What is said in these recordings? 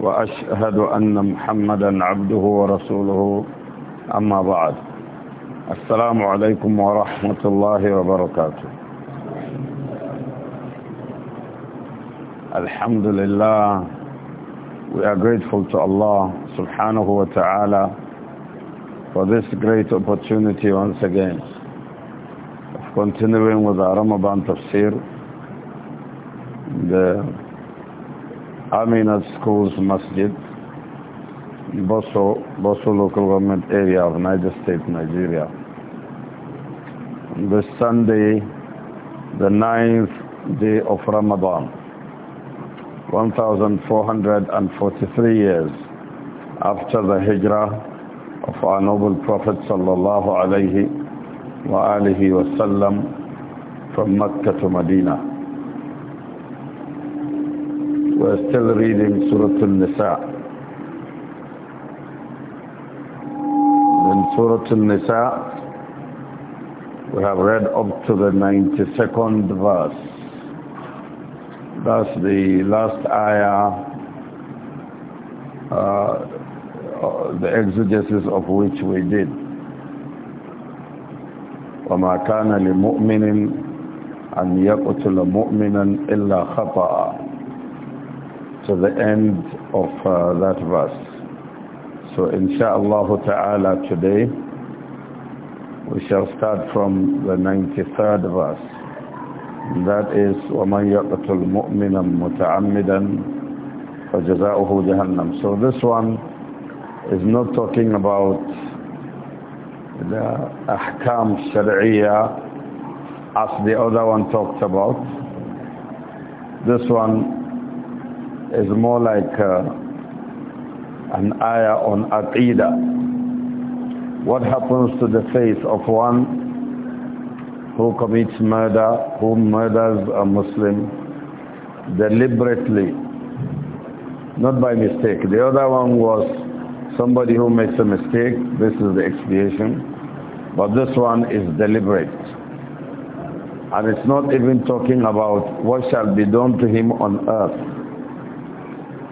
وأشهد أن محمدا عبده ورسوله أما بعد السلام عليكم ورحمة الله وبركاته الحمد لله we are grateful to Allah subhanahu wa ta'ala for this great opportunity once again of continuing with our Ramadan tafsir the Amina's Schools Masjid, Bosso, Bosso local government area of Niger State, Nigeria. This Sunday, the ninth day of Ramadan, 1443 years after the Hijrah of our noble Prophet sallallahu alaihi wasallam from Mecca to Medina. We're still reading Surah Al-Nisa. In Surah Al-Nisa, we have read up to the 92nd verse. That's the last ayah, uh, uh, the exegesis of which we did. وما كان لمؤمن أن يقتل مؤمنا إلا خطأ to the end of uh, that verse. So insha'Allah ta'ala today we shall start from the 93rd verse. That is وَمَنْ يَقْتُلْ مُؤْمِنًا مُتَعَمِّدًا فَجَزَاؤُهُ جَهَنَّمُ So this one is not talking about the ahkam sharia as the other one talked about. This one is more like uh, an ayah on Aqidah. What happens to the face of one who commits murder, who murders a Muslim deliberately, not by mistake. The other one was somebody who makes a mistake. This is the expiation. But this one is deliberate. And it's not even talking about what shall be done to him on earth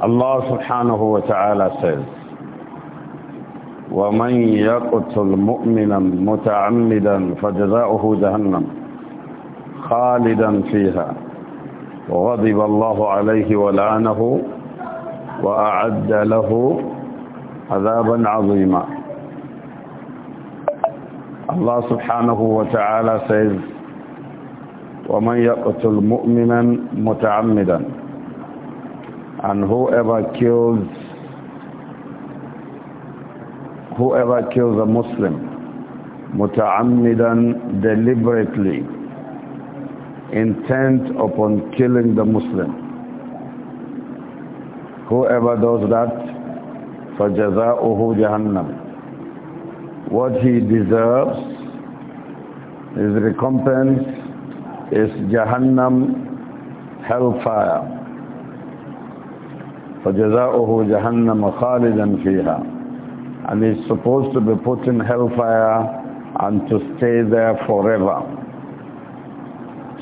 Allah subhanahu wa ta'ala says, ومن يقتل مؤمنا متعمدا فجزاؤه جهنم خالدا فيها وغضب الله عليه ولعنه وأعد له عذابا عظيما الله سبحانه وتعالى says ومن يقتل مؤمنا متعمدا and whoever kills whoever kills a Muslim muta'ammidan deliberately intent upon killing the Muslim whoever does that uhu جَهَنَّمْ what he deserves his recompense is Jahannam hellfire فَجَزَاؤُهُ جَهَنَّمَ خَالِدًا فِيهَا And he's supposed to be put in hellfire and to stay there forever,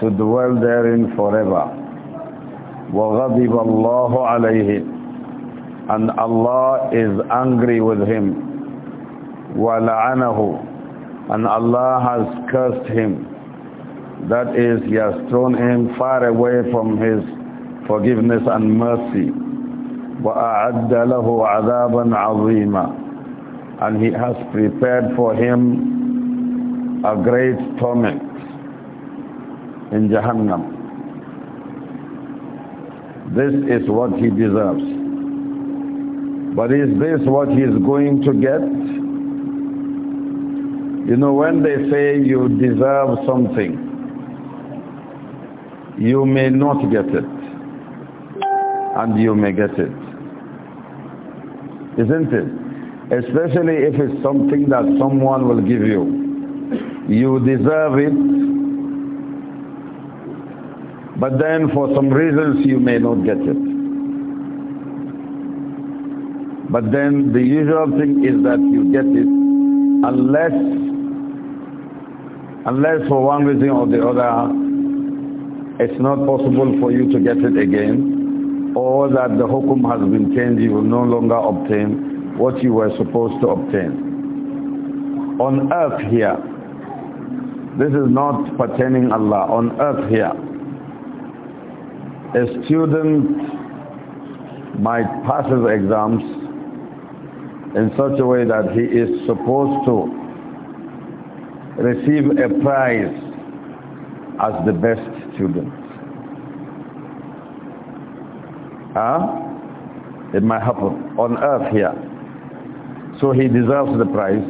to dwell therein forever. وَغَضِبَ اللَّهُ عَلَيْهِ And Allah is angry with him. وَلَعَنَهُ And Allah has cursed him. That is, he has thrown him far away from his forgiveness and mercy. وَأَعَدَّ لَهُ عَذَابًا عَظِيمًا And he has prepared for him a great torment in Jahannam. This is what he deserves. But is this what he is going to get? You know, when they say you deserve something, you may not get it, and you may get it isn't it? Especially if it's something that someone will give you. You deserve it, but then for some reasons you may not get it. But then the usual thing is that you get it unless unless for one reason or the other it's not possible for you to get it again or that the hukum has been changed, you will no longer obtain what you were supposed to obtain. On earth here, this is not pertaining Allah, on earth here, a student might pass his exams in such a way that he is supposed to receive a prize as the best student. Huh? It might happen on earth here. So he deserves the prize.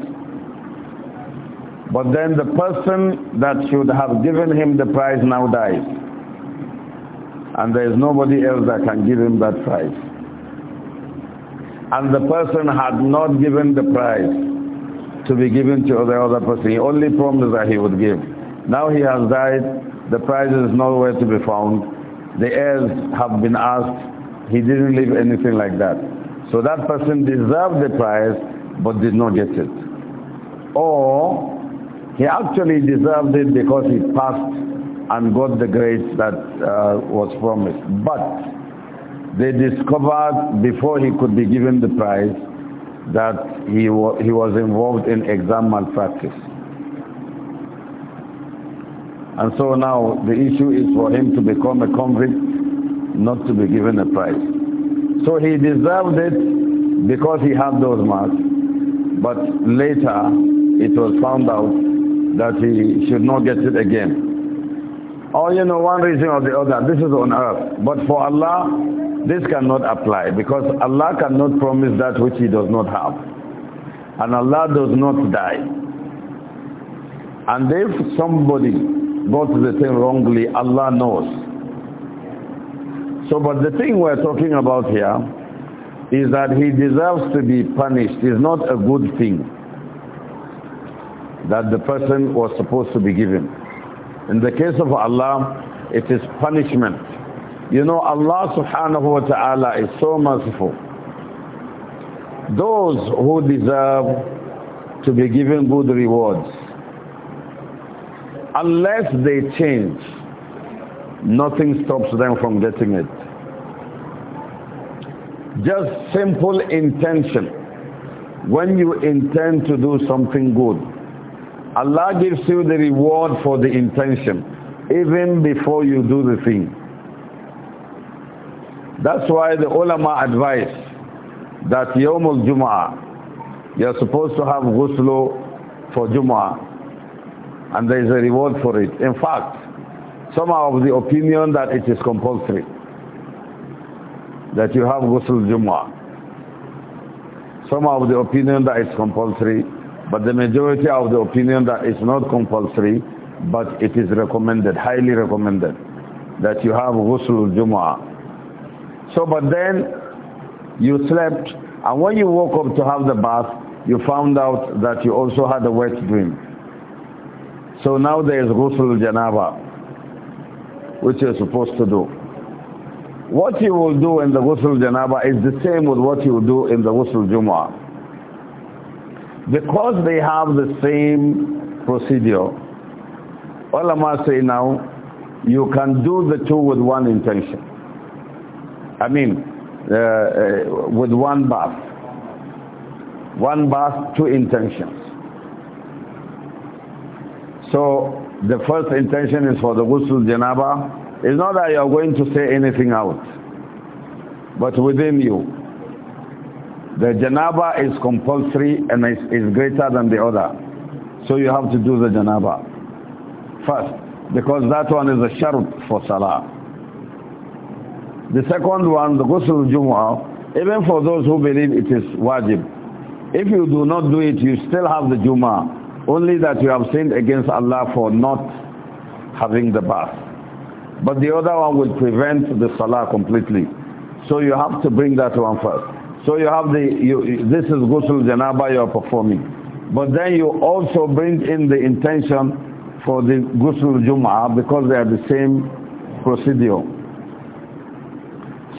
But then the person that should have given him the prize now dies. And there is nobody else that can give him that prize. And the person had not given the prize to be given to the other person. He only promised that he would give. Now he has died. The prize is nowhere to be found. The heirs have been asked he didn't leave anything like that. So that person deserved the prize but did not get it. Or he actually deserved it because he passed and got the grades that uh, was promised. But they discovered before he could be given the prize that he, wa he was involved in exam malpractice. And so now the issue is for him to become a convict not to be given a prize. So he deserved it because he had those marks. But later it was found out that he should not get it again. Or oh, you know, one reason or the other, this is on earth. But for Allah, this cannot apply because Allah cannot promise that which he does not have. And Allah does not die. And if somebody got the thing wrongly, Allah knows. So, but the thing we're talking about here is that he deserves to be punished. It's not a good thing that the person was supposed to be given. In the case of Allah, it is punishment. You know, Allah subhanahu wa ta'ala is so merciful. Those who deserve to be given good rewards, unless they change, nothing stops them from getting it. Just simple intention. When you intend to do something good, Allah gives you the reward for the intention, even before you do the thing. That's why the ulama advise that Yawm al you're supposed to have ghusl for Jum'ah, and there is a reward for it. In fact, some are of the opinion that it is compulsory that you have ghusl Jumu'ah. Some of the opinion that is compulsory, but the majority of the opinion that is not compulsory, but it is recommended, highly recommended, that you have ghusl Jumu'ah. So, but then you slept, and when you woke up to have the bath, you found out that you also had a wet dream. So now there is ghusl janaba, which you're supposed to do. What you will do in the ghusl janaba is the same with what you do in the ghusl jumu'ah. Because they have the same procedure, ulama say now, you can do the two with one intention. I mean, uh, uh, with one bath. One bath, two intentions. So, the first intention is for the ghusl janaba, it's not that you are going to say anything out, but within you. The janaba is compulsory and is, is greater than the other. So you have to do the janaba first, because that one is a shart for salah. The second one, the ghusl jumu'ah, even for those who believe it is wajib, if you do not do it, you still have the jumu'ah, Only that you have sinned against Allah for not having the bath. But the other one will prevent the salah completely. So you have to bring that one first. So you have the, you, this is ghusl janaba you are performing. But then you also bring in the intention for the ghusl jum'ah because they are the same procedure.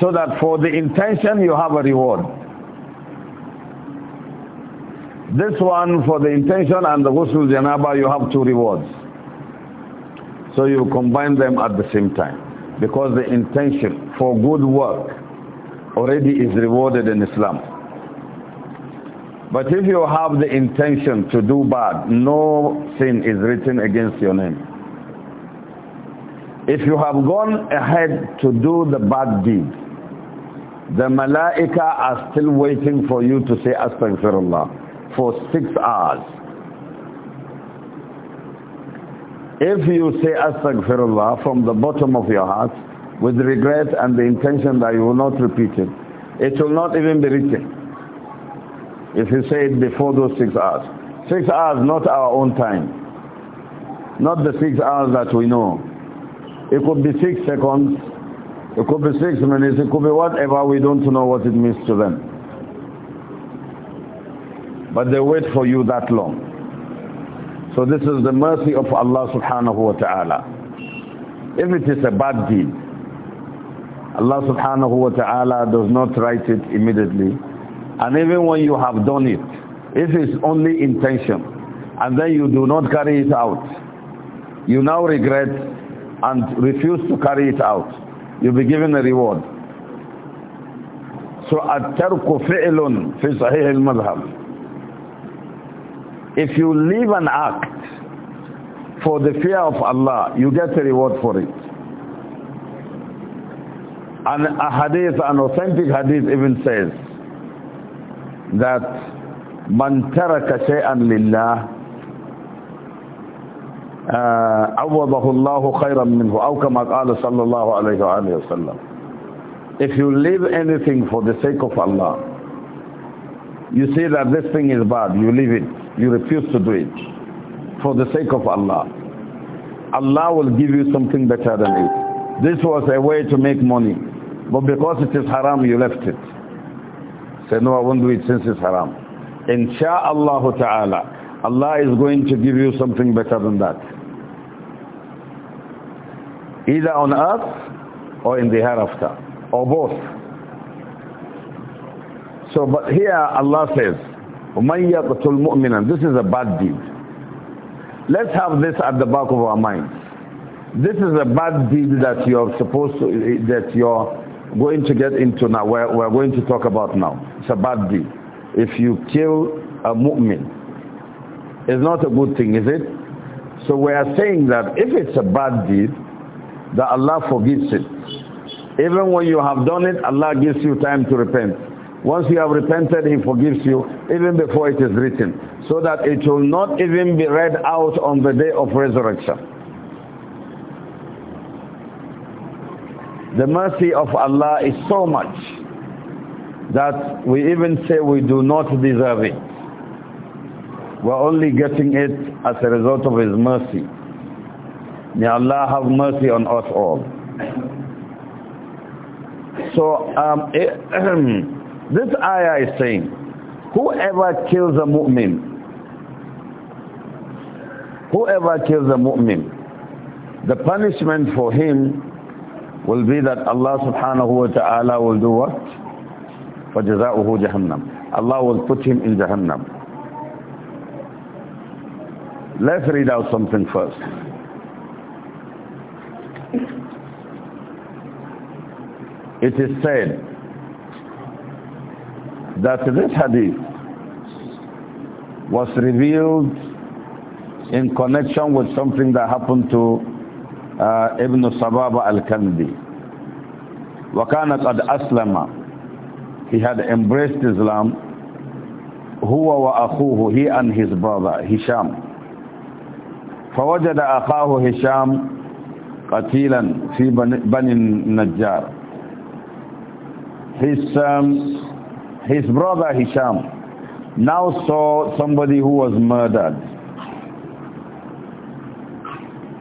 So that for the intention you have a reward. This one for the intention and the ghusl janaba you have two rewards. So you combine them at the same time. Because the intention for good work already is rewarded in Islam. But if you have the intention to do bad, no sin is written against your name. If you have gone ahead to do the bad deed, the malaika are still waiting for you to say astaghfirullah for six hours. If you say astaghfirullah from the bottom of your heart with regret and the intention that you will not repeat it, it will not even be written. If you say it before those six hours. Six hours, not our own time. Not the six hours that we know. It could be six seconds. It could be six minutes. It could be whatever. We don't know what it means to them. But they wait for you that long. So this is the mercy of Allah subhanahu wa ta'ala. If it is a bad deed, Allah subhanahu wa ta'ala does not write it immediately. And even when you have done it, if it's only intention, and then you do not carry it out, you now regret and refuse to carry it out. You'll be given a reward. So at-tarku fi'lun fi sahih al-madhab. If you leave an act for the fear of Allah, you get a reward for it. And a hadith, an authentic hadith even says that من ترك شيئا لله عوضه الله خيرا منه أو كما قال صلى الله عليه وآله وسلم If you leave anything for the sake of Allah, you see that this thing is bad, you leave it. You refuse to do it for the sake of Allah. Allah will give you something better than it. This was a way to make money. But because it is haram, you left it. Say, no, I won't do it since it's haram. Insha'Allah ta'ala, Allah is going to give you something better than that. Either on earth or in the hereafter, or both. So, but here Allah says, this is a bad deed. Let's have this at the back of our minds. This is a bad deed that you're supposed to, that you're going to get into now, we're, we're going to talk about now. It's a bad deed. If you kill a mu'min, it's not a good thing, is it? So we are saying that if it's a bad deed, that Allah forgives it. Even when you have done it, Allah gives you time to repent. Once you have repented, he forgives you even before it is written, so that it will not even be read out on the day of resurrection. The mercy of Allah is so much that we even say we do not deserve it. We're only getting it as a result of His mercy. May Allah have mercy on us all. So, um, This ayah is saying, whoever kills a mu'min, whoever kills a mu'min, the punishment for him will be that Allah subhanahu wa ta'ala will do what? فَجَزَاؤُهُ جَهَنَّمْ Allah will put him in Jahannam. Let's read out something first. It is said, that this hadith was revealed in connection with something that happened to uh, Ibn Sababa al-Kandi. وَكَانَ قَدْ أَسْلَمَ He had embraced Islam. هُوَ وَأَخُوهُ He and his brother, Hisham. فوجد أخاه هشام قتيلا في بني النجار his um, his brother Hisham now saw somebody who was murdered.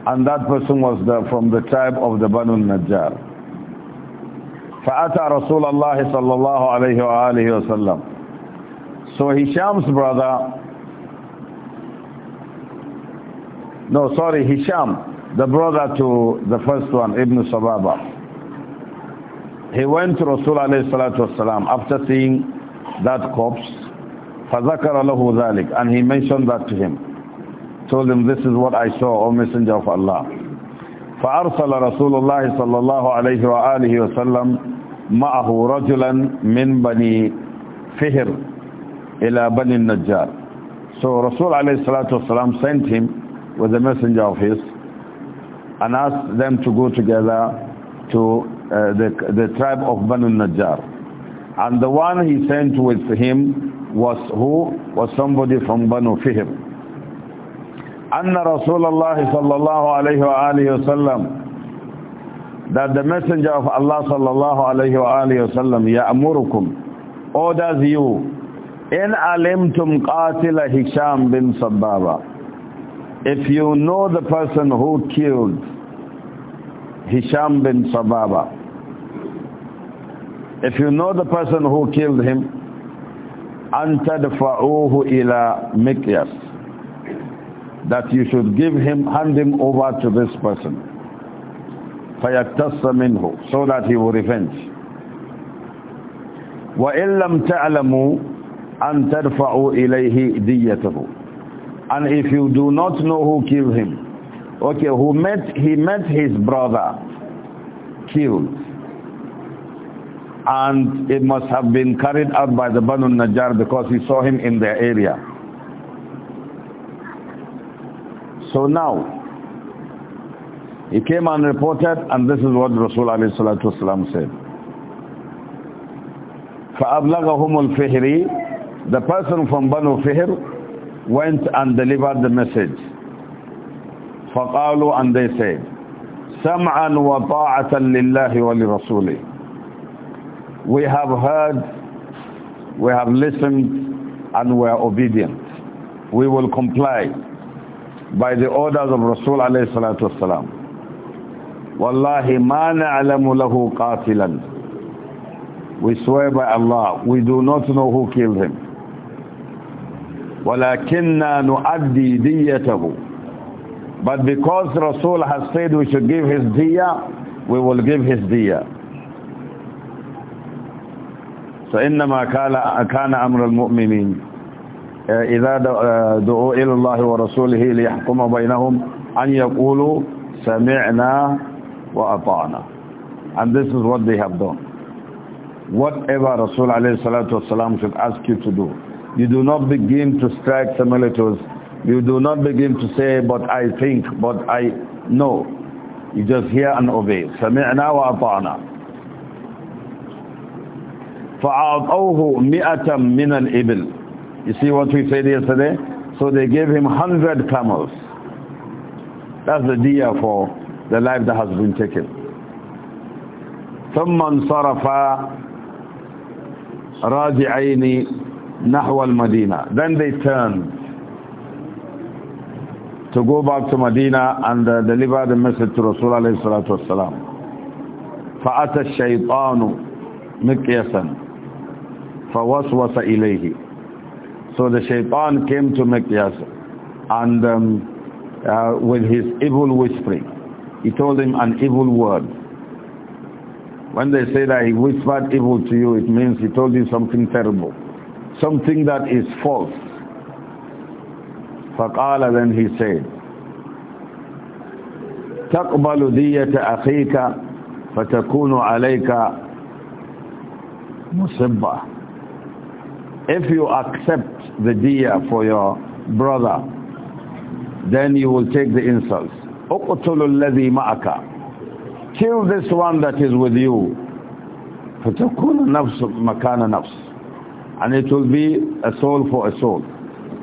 And that person was the, from the tribe of the Banu Najjar. فأتى رسول الله صلى الله عليه وآله وسلم. So Hisham's brother no sorry Hisham the brother to the first one Ibn Sababa he went to Rasulullah والسلام, after seeing that corpse. فَذَكَرَ لَهُ ذَلِكَ And he mentioned that to him. Told him, this is what I saw, O Messenger of Allah. فأرسل رسول الله صلى الله عليه وآله وسلم معه رجلا من بني فهر إلى بني النجار. So Rasul عليه الصلاة والسلام sent him with the messenger of his and asked them to go together to uh, the, the tribe of Banu Najjar. And the one he sent with him was who? Was somebody from Banu Fihr. أن Rasulullah الله صلى الله عليه وآله وسلم that the messenger of Allah صلى الله عليه وآله وسلم يأمركم orders you in alimtum qatila Hisham bin Sababa. If you know the person who killed Hisham bin Sababa, if you know the person who killed him, أَنْ تَدْفَعُوهُ إِلَى مِكْيَسٍ That you should give him, hand him over to this person. فَيَكْتَصَّ مِنْهُ So that he will revenge. وَإِنْ لَمْ ta'lamu an تَدْفَعُوا ilayhi دِيَّتَهُ And if you do not know who killed him, okay, who met, he met his brother killed and it must have been carried out by the Banu Najjar because he saw him in their area. So now, he came and reported and this is what Rasul alayhi salatu wasalam said. فَأَبْلَغَهُمُ الْفِهْرِ The person from Banu Fihr went and delivered the message. فَقَالُوا and they said, سَمْعًا وَطَاعَةً لِلَّهِ وَلِرَسُولِهِ we have heard, we have listened, and we are obedient. We will comply by the orders of Rasul alayhi salatu wasalam. Wallahi ma na'lamu lahu qatilan. We swear by Allah, we do not know who killed him. ولكننا نؤدي ديته but because Rasul has said we should give his diya we will give his diya فإنما كان أمر المؤمنين إذا دعوا إلى الله ورسوله ليحكم بينهم أن يقولوا سمعنا وأطعنا and this is what they have done whatever Rasul alayhi salatu wasalam should ask you to do you do not begin to strike similitudes you do not begin to say but I think but I know you just hear and obey سمعنا وأطعنا فَأَعْطَوْهُ مِئَةً مِنَ الْإِبِلِ You see what we said yesterday? So they gave him 100 camels. That's the dia for the life that has been taken. ثُمَّ صَرَفَ رَاجِعَيْنِ نَحْوَ الْمَدِينَةِ. Then they turned to go back to Medina and uh, deliver the message to Rasulullah sallallahu فَأَتَى الشَّيْطَانُ مِكْيَسًا فَوَسْوَسَ إِلَيْهِ So the shaitan came to Miqyas and um, uh, with his evil whispering, he told him an evil word. When they say that he whispered evil to you, it means he told you something terrible, something that is false. فَقَالَ Then he said, تَقْبَلُ دِيَّةَ أَخِيكَ فَتَكُونُ عَلَيْكَ مُصِبَّةً if you accept the diya for your brother, then you will take the insults. اقتلوا الذي ma'aka, Kill this one that is with you. فتكون nafs مكان nafs, And it will be a soul for a soul.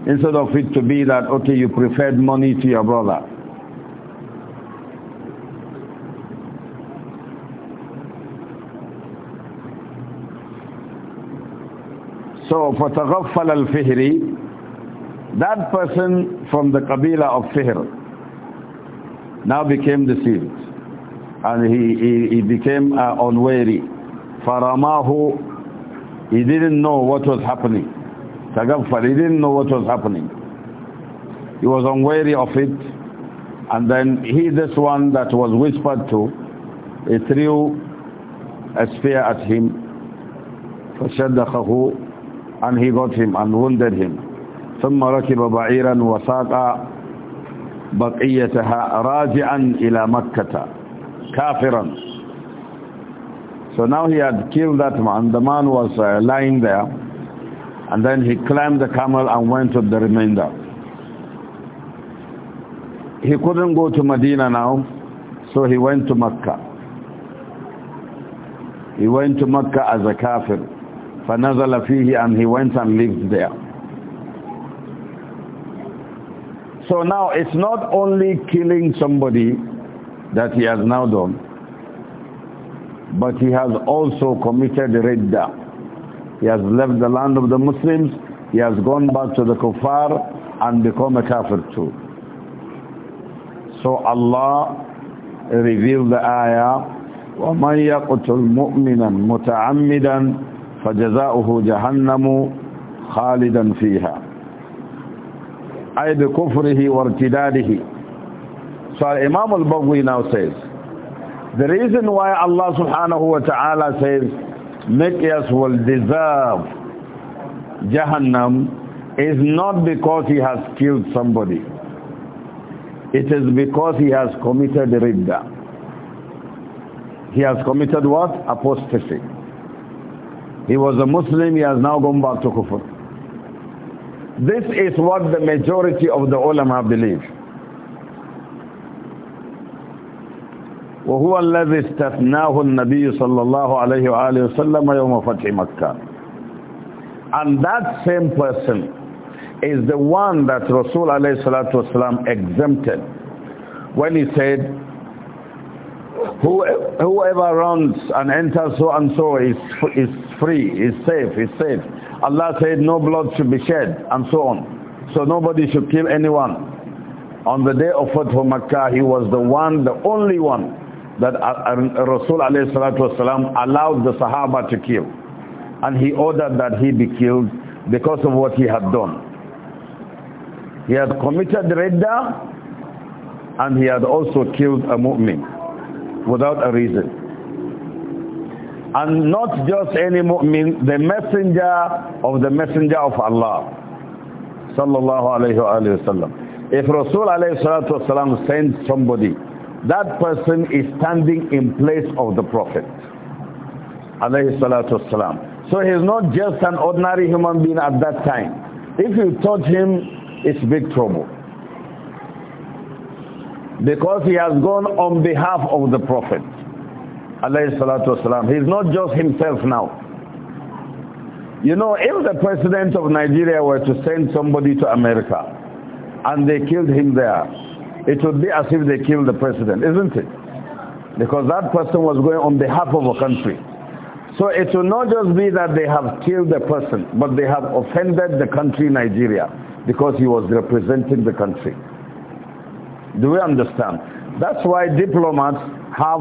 Instead of it to be that, okay, you preferred money to your brother. So, فَتَغَفَّلَ الْفِهْرِ That person from the Qabila of Fihr now became deceived. And he, he, he became uh, unwary. فَرَمَاهُ He didn't know what was happening. تَغَفَّل He didn't know what was happening. He was unwary of it. And then he, this one that was whispered to, he threw a spear at him. فَشَدَّخَهُ and he got him and wounded him ثم ركب بعيرا وساق بقيتها راجعا إلى مكة كافرا So now he had killed that man. The man was uh, lying there. And then he climbed the camel and went to the remainder. He couldn't go to Medina now. So he went to Mecca. He went to Mecca as a kafir. فَنَزَلَ فِيهِ And he went and lived there. So now it's not only killing somebody that he has now done, but he has also committed ridda. He has left the land of the Muslims, he has gone back to the kuffar and become a kafir too. So Allah revealed the ayah, وَمَنْ يَقْتُلْ مُؤْمِنًا مُتَعَمِّدًا فجزاؤه جهنم خالدا فيها أي بكفره وارتداده So Imam al-Baghawi now says, the reason why Allah subhanahu wa ta'ala says, us will deserve Jahannam is not because he has killed somebody. It is because he has committed ridda. He has committed what? Apostasy. He was a Muslim, he has now gone back to kufr. This is what the majority of the ulama believe. وهو الذي استثناه النبي صلى الله عليه وآله وسلم يوم فتح مكة and that same person is the one that Rasul alayhi salatu wasalam exempted when he said whoever runs and enters so and so is, is free, is safe, is safe. Allah said no blood should be shed and so on. So nobody should kill anyone. On the day of Fatih Makkah, he was the one, the only one that uh, uh, Rasul alayhi allowed the Sahaba to kill. And he ordered that he be killed because of what he had done. He had committed redda and he had also killed a mu'min without a reason. And not just any mu'min, the messenger of the messenger of Allah. Sallallahu alayhi wa sallam. If Rasul alayhi salatu wasalam sends somebody, that person is standing in place of the Prophet. Alayhi salatu wasalam. So he's not just an ordinary human being at that time. If you touch him, it's big trouble because he has gone on behalf of the Prophet. He's not just himself now. You know, if the president of Nigeria were to send somebody to America and they killed him there, it would be as if they killed the president, isn't it? Because that person was going on behalf of a country. So it will not just be that they have killed the person, but they have offended the country Nigeria because he was representing the country. Do we understand? That's why diplomats have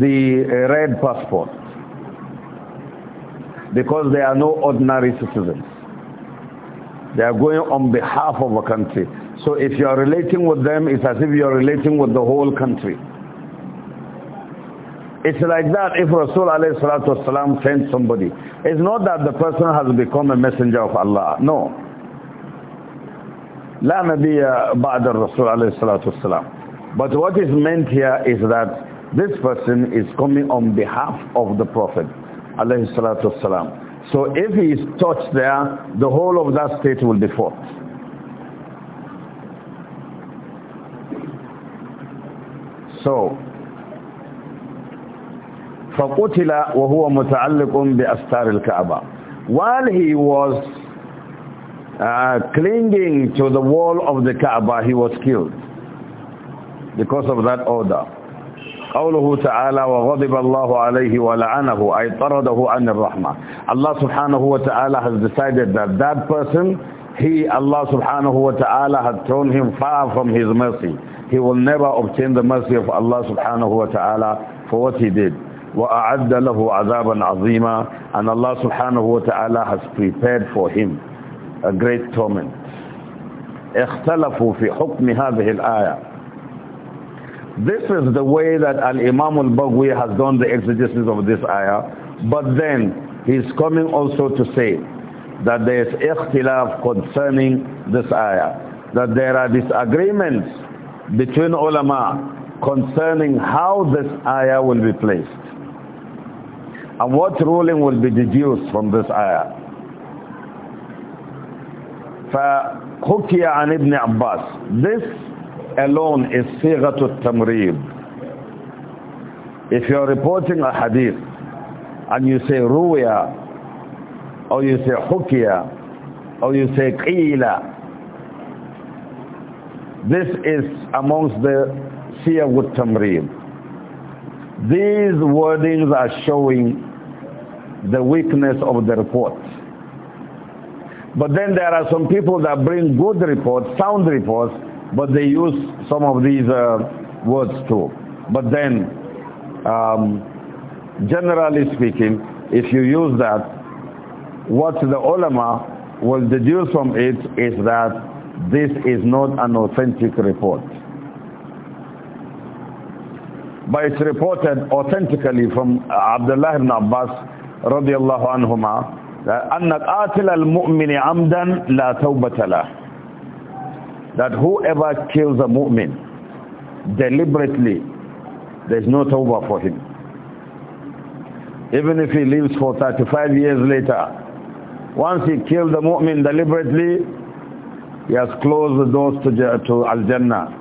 the uh, red passport. Because they are no ordinary citizens. They are going on behalf of a country. So if you are relating with them, it's as if you are relating with the whole country. It's like that if Rasul alayhi salatu sent somebody. It's not that the person has become a messenger of Allah. No. لا نبي بعد الرسول عليه الصلاة والسلام but what is meant here is that this person is coming on behalf of the Prophet عليه الصلاة والسلام so if he is touched there, the whole of that state will be fought. So, فَقُتِلَ وَهُوَ مُتَعَلِّقٌ بِأَسْتَارِ الْكَعْبَةِ While he was uh, clinging to the wall of the Kaaba, he was killed because of that order. قوله تعالى وغضب الله عليه ولعنه أي طرده عن الرحمة Allah سبحانه وتعالى has decided that that person he Allah سبحانه وتعالى had thrown him far from his mercy he will never obtain the mercy of Allah سبحانه وتعالى for what he did وأعد له عذابا عظيما and Allah سبحانه وتعالى has prepared for him a great torment اختلفوا في حكم هذه الآية This is the way that Al-Imam al-Bagwi has done the exegesis of this ayah but then he's coming also to say that there is ikhtilaf concerning this ayah that there are disagreements between ulama concerning how this ayah will be placed and what ruling will be deduced from this ayah فحكي عن ابن عباس. This alone is صيغة التمريض. If you're reporting a hadith and you say رؤيا or you say hukiya or you say qila, this is amongst the siyawut tamreem. These wordings are showing the weakness of the report. But then there are some people that bring good reports, sound reports, but they use some of these uh, words too. But then, um, generally speaking, if you use that, what the ulama will deduce from it is that this is not an authentic report. But it's reported authentically from Abdullah ibn Abbas radiallahu anhumah that that whoever kills a mu'min deliberately there's no tawbah for him even if he lives for 35 years later once he killed the mu'min deliberately he has closed the doors to, to al-jannah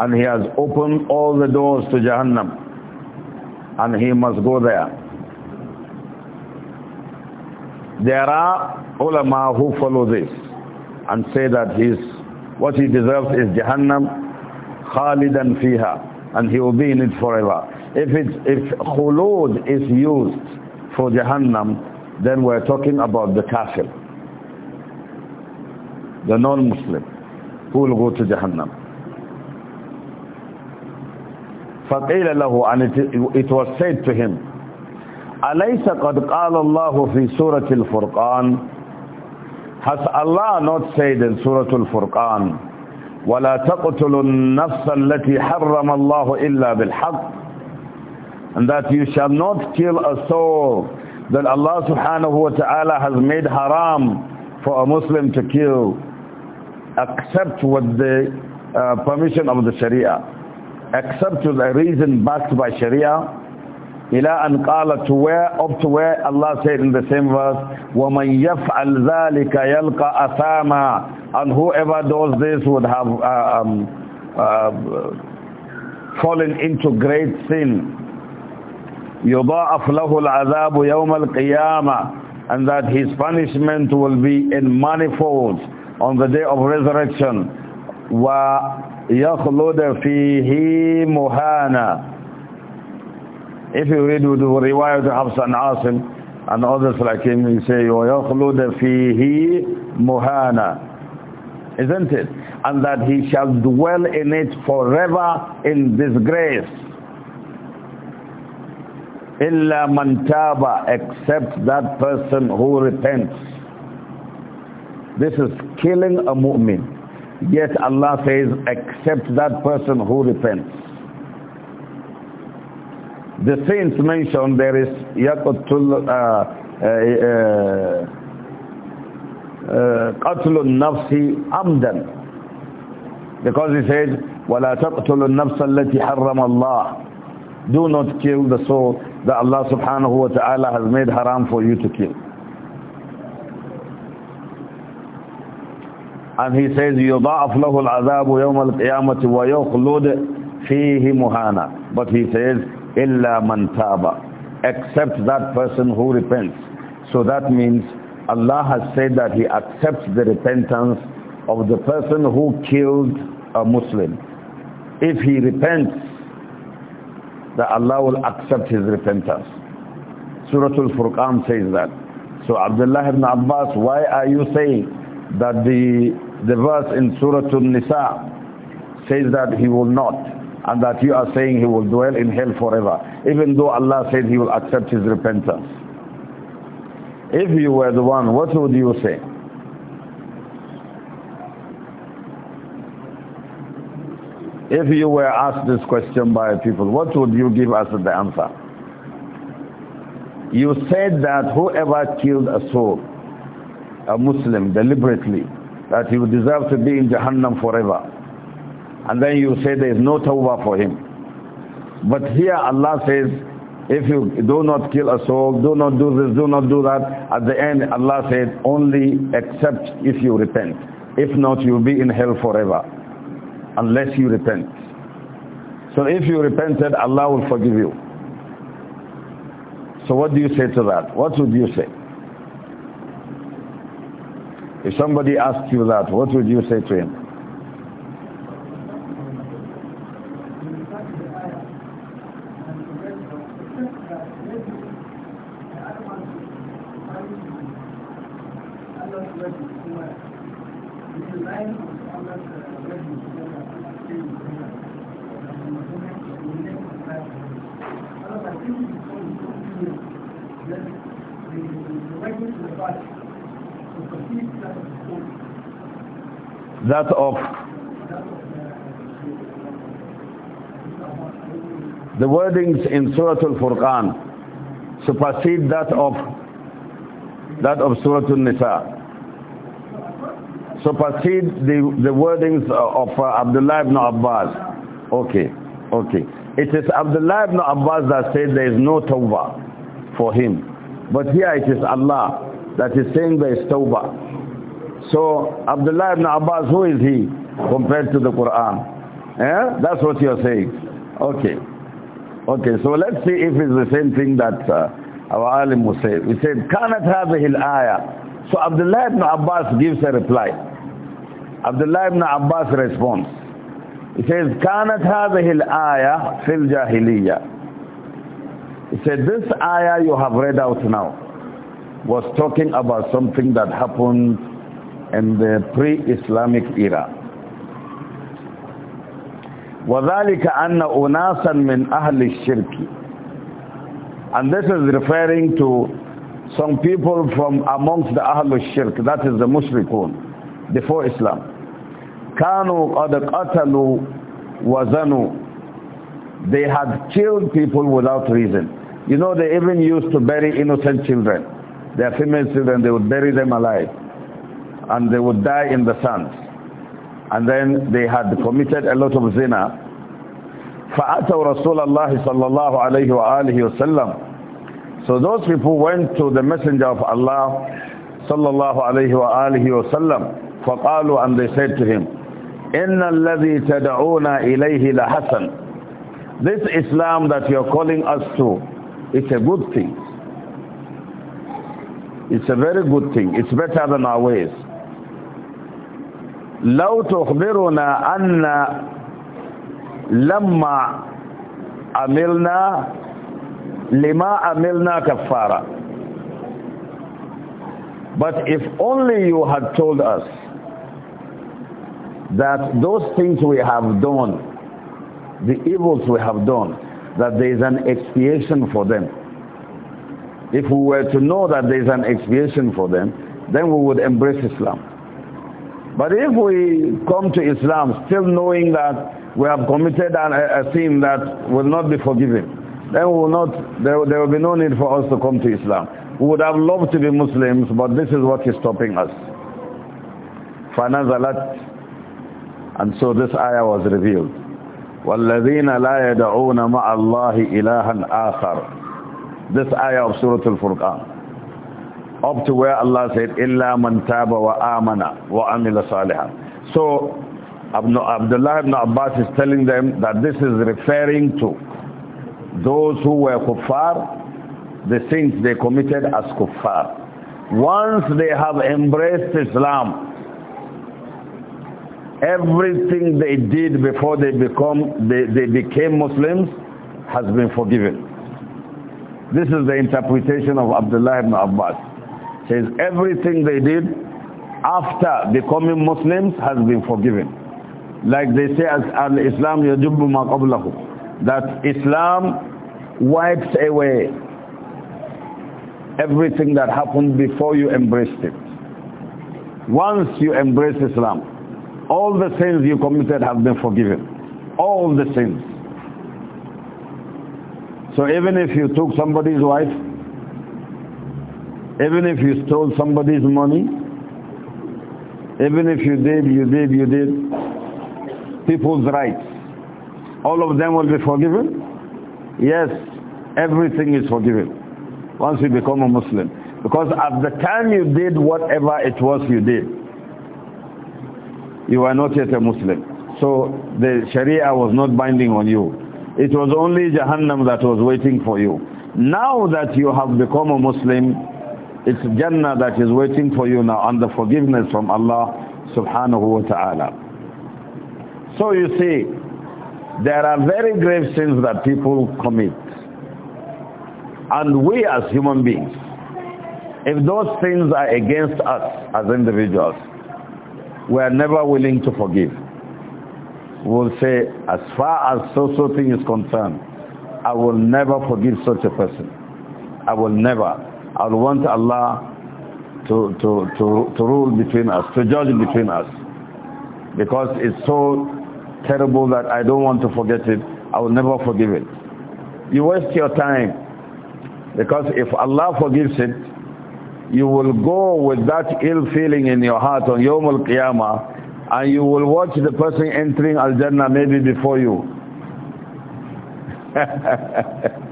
and he has opened all the doors to jahannam and he must go there there are ulama who follow this and say that his, what he deserves is Jahannam khalidan fiha and he will be in it forever. If, if khulud is used for Jahannam, then we're talking about the kafir, the non-Muslim who will go to Jahannam. فَقِيلَ لَهُ And it, it was said to him, أَلَيْسَ قَدْ قَالَ اللَّهُ فِي سُورَةِ الْفُرْقَانِ Has Allah not said in Surah Al-Furqan, وَلَا تَقْتُلُوا النَّفْسَ الَّتِي حَرَّمَ اللَّهُ إِلَّا بِالْحَقِّ And that you shall not kill a soul that Allah subhanahu wa ta'ala has made haram for a Muslim to kill except with the uh, permission of the Sharia, except with a reason backed by Sharia ila an qala to where up to where Allah said in the same verse وَمَنْ يَفْعَلْ ذَلِكَ يَلْقَ أَثَامًا and whoever does this would have uh, um, uh, fallen into great sin يضاعف له العذاب يوم القيامة and that his punishment will be in manifold on the day of resurrection ويخلد فيه muhana if you read with the riwayat of Hafs and Asim and others like him, you say, وَيَخْلُدَ muhanna," مُهَانَ Isn't it? And that he shall dwell in it forever in disgrace. إِلَّا مَنْ تَابَ Except that person who repents. This is killing a mu'min. Yet Allah says, except that person who repents the saints mentioned there is yaqtul uh, uh, uh, qatlun nafsi amdan because he said wala taqtulun nafs allati harrama Allah do not kill the soul that Allah subhanahu wa ta'ala has made haram for you to kill and he says يضاعف له العذاب يوم القيامه ويخلد فيه مهانا but he says illa man taba except that person who repents so that means Allah has said that he accepts the repentance of the person who killed a Muslim if he repents that Allah will accept his repentance Surah Al-Furqan says that so Abdullah ibn Abbas why are you saying that the the verse in Surah An-Nisa says that he will not and that you are saying he will dwell in hell forever, even though Allah said he will accept his repentance. If you were the one, what would you say? If you were asked this question by people, what would you give us the answer? You said that whoever killed a soul, a Muslim, deliberately, that he would deserve to be in Jahannam forever and then you say there is no tawbah for him. But here Allah says, if you do not kill a soul, do not do this, do not do that, at the end Allah said, only accept if you repent. If not, you'll be in hell forever, unless you repent. So if you repented, Allah will forgive you. So what do you say to that? What would you say? If somebody asked you that, what would you say to him? wordings in Surah Al-Furqan supersede that of that of Surah Al-Nisa. Supersede the, the wordings of uh, Abdullah ibn Abbas. Okay, okay. It is Abdullah ibn Abbas that said there is no tawbah for him. But here it is Allah that is saying there is tawbah. So Abdullah ibn Abbas, who is he compared to the Quran? Eh? That's what you're saying. Okay. Okay, so let's see if it's the same thing that uh, our alim was saying. We said, كانت هذه الآية. So Abdullah ibn Abbas gives a reply. Abdullah ibn Abbas responds. He says, كانت هذه الآية في الجاهلية. He said, this ayah you have read out now was talking about something that happened in the pre-Islamic era. وَذَلِكَ أَنَّ أُنَاسًا مِنْ أَهْلِ الشِّرْكِ And this is referring to some people from amongst the al Shirk, that is the Mushrikun, before Islam. كَانُوا قَدْ قَتَلُوا They had killed people without reason. You know, they even used to bury innocent children. Their female children, they would bury them alive. And they would die in the sands and then they had committed a lot of zina. فَأَتَوْ رَسُولَ اللَّهِ صَلَّى اللَّهُ عَلَيْهِ وَآلِهِ وَسَلَّمْ So those people went to the messenger of Allah صلى الله عليه وآله وسلم فقالوا and they said to him إِنَّ الَّذِي تَدْعُونَ إِلَيْهِ لَحَسَنٌ This Islam that you're calling us to, it's a good thing. It's a very good thing. It's better than our ways. لو تخبرنا أن لما عملنا لما عملنا كفارة But if only you had told us that those things we have done, the evils we have done, that there is an expiation for them. If we were to know that there is an expiation for them, then we would embrace Islam. But if we come to Islam still knowing that we have committed an, a, a, sin that will not be forgiven, then we will not, there, there will be no need for us to come to Islam. We would have loved to be Muslims, but this is what is stopping us. And so this ayah was revealed. وَالَّذِينَ لَا يَدَعُونَ مَعَ اللَّهِ إِلَهًا آخَرَ This ayah of Surah Al-Furqan up to where Allah said, "Illa man taba wa amana wa amila salihan." So Abdullah ibn Abbas is telling them that this is referring to those who were kuffar, the sins they committed as kuffar. Once they have embraced Islam, everything they did before they become they, they became Muslims has been forgiven. This is the interpretation of Abdullah ibn Abbas says everything they did after becoming Muslims has been forgiven. Like they say as an Islam yajubbu that Islam wipes away everything that happened before you embraced it. Once you embrace Islam, all the sins you committed have been forgiven. All the sins. So even if you took somebody's wife even if you stole somebody's money, even if you did, you did, you did, people's rights, all of them will be forgiven? Yes, everything is forgiven once you become a Muslim. Because at the time you did whatever it was you did, you were not yet a Muslim. So the Sharia was not binding on you. It was only Jahannam that was waiting for you. Now that you have become a Muslim, it's Jannah that is waiting for you now and the forgiveness from Allah subhanahu wa ta'ala. So you see, there are very grave sins that people commit. And we as human beings, if those things are against us as individuals, we are never willing to forgive. We'll say, as far as so-so thing is concerned, I will never forgive such a person. I will never. I want Allah to, to, to, to rule between us, to judge between us. Because it's so terrible that I don't want to forget it. I will never forgive it. You waste your time. Because if Allah forgives it, you will go with that ill feeling in your heart on Yom Al-Qiyamah and you will watch the person entering Al-Jannah maybe before you.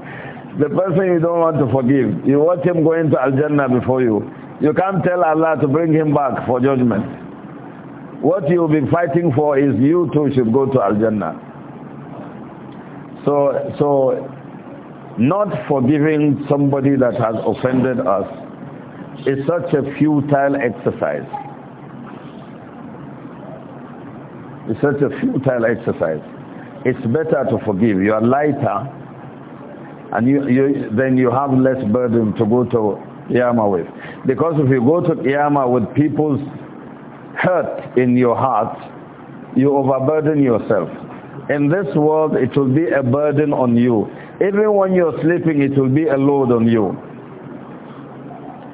The person you don't want to forgive, you watch him going to Al Jannah before you. You can't tell Allah to bring him back for judgment. What you'll be fighting for is you too should go to Al Jannah. So, so not forgiving somebody that has offended us is such a futile exercise. It's such a futile exercise. It's better to forgive. You are lighter and you, you, then you have less burden to go to Yama with. Because if you go to Yama with people's hurt in your heart, you overburden yourself. In this world, it will be a burden on you. Even when you're sleeping, it will be a load on you.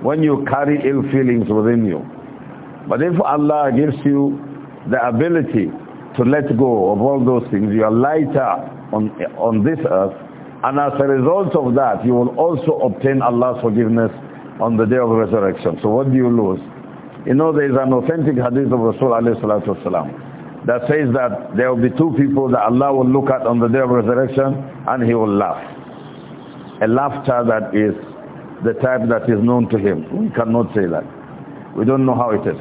When you carry ill feelings within you. But if Allah gives you the ability to let go of all those things, you are lighter on, on this earth, and as a result of that, you will also obtain Allah's forgiveness on the day of resurrection. So what do you lose? You know, there is an authentic hadith of Rasul والسلام, that says that there will be two people that Allah will look at on the day of resurrection and he will laugh. A laughter that is the type that is known to him. We cannot say that. We don't know how it is.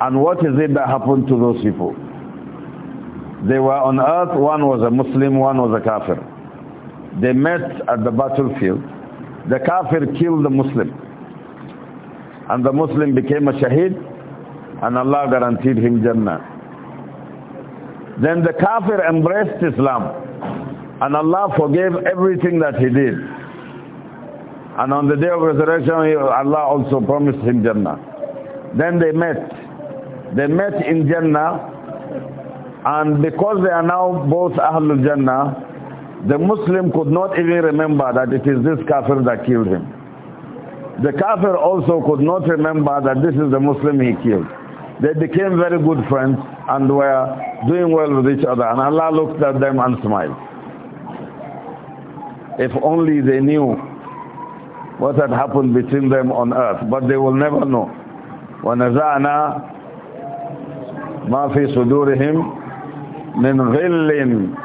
And what is it that happened to those people? They were on earth, one was a Muslim, one was a kafir. They met at the battlefield. The kafir killed the Muslim. And the Muslim became a shaheed and Allah guaranteed him Jannah. Then the kafir embraced Islam and Allah forgave everything that he did. And on the day of resurrection, Allah also promised him Jannah. Then they met. They met in Jannah and because they are now both Ahlul Jannah, the Muslim could not even remember that it is this kafir that killed him. The kafir also could not remember that this is the Muslim he killed. They became very good friends and were doing well with each other. And Allah looked at them and smiled. If only they knew what had happened between them on earth. But they will never know. وَنَزَعْنَا مَا فِي صُدُورِهِمْ min dhillin.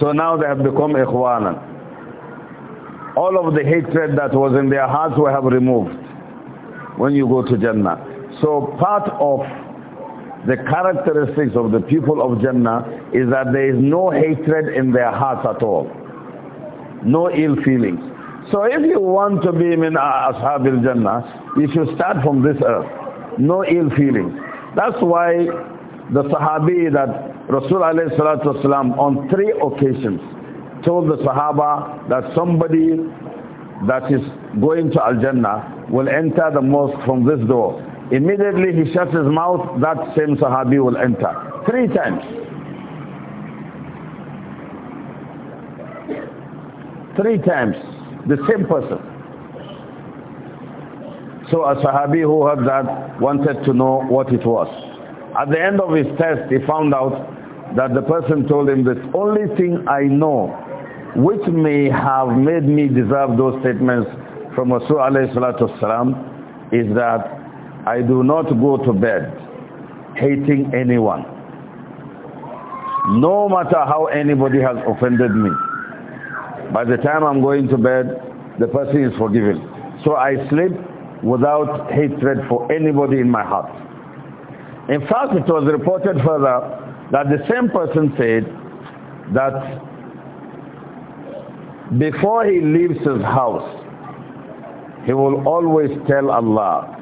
So now they have become ikhwanan. All of the hatred that was in their hearts we have removed when you go to Jannah. So part of the characteristics of the people of Jannah is that there is no hatred in their hearts at all. No ill feelings. So if you want to be in Ashab al-Jannah, you should start from this earth. No ill feelings. That's why the Sahabi that Rasulullah on three occasions told the Sahaba that somebody that is going to Al-Jannah will enter the mosque from this door. Immediately he shuts his mouth, that same Sahabi will enter. Three times. Three times. The same person. So a Sahabi who heard that wanted to know what it was. At the end of his test, he found out that the person told him, the only thing I know which may have made me deserve those statements from Rasulullah alayhi salatu wasalam is that I do not go to bed hating anyone. No matter how anybody has offended me. By the time I'm going to bed, the person is forgiven. So I sleep without hatred for anybody in my heart. In fact, it was reported further that the same person said that before he leaves his house, he will always tell Allah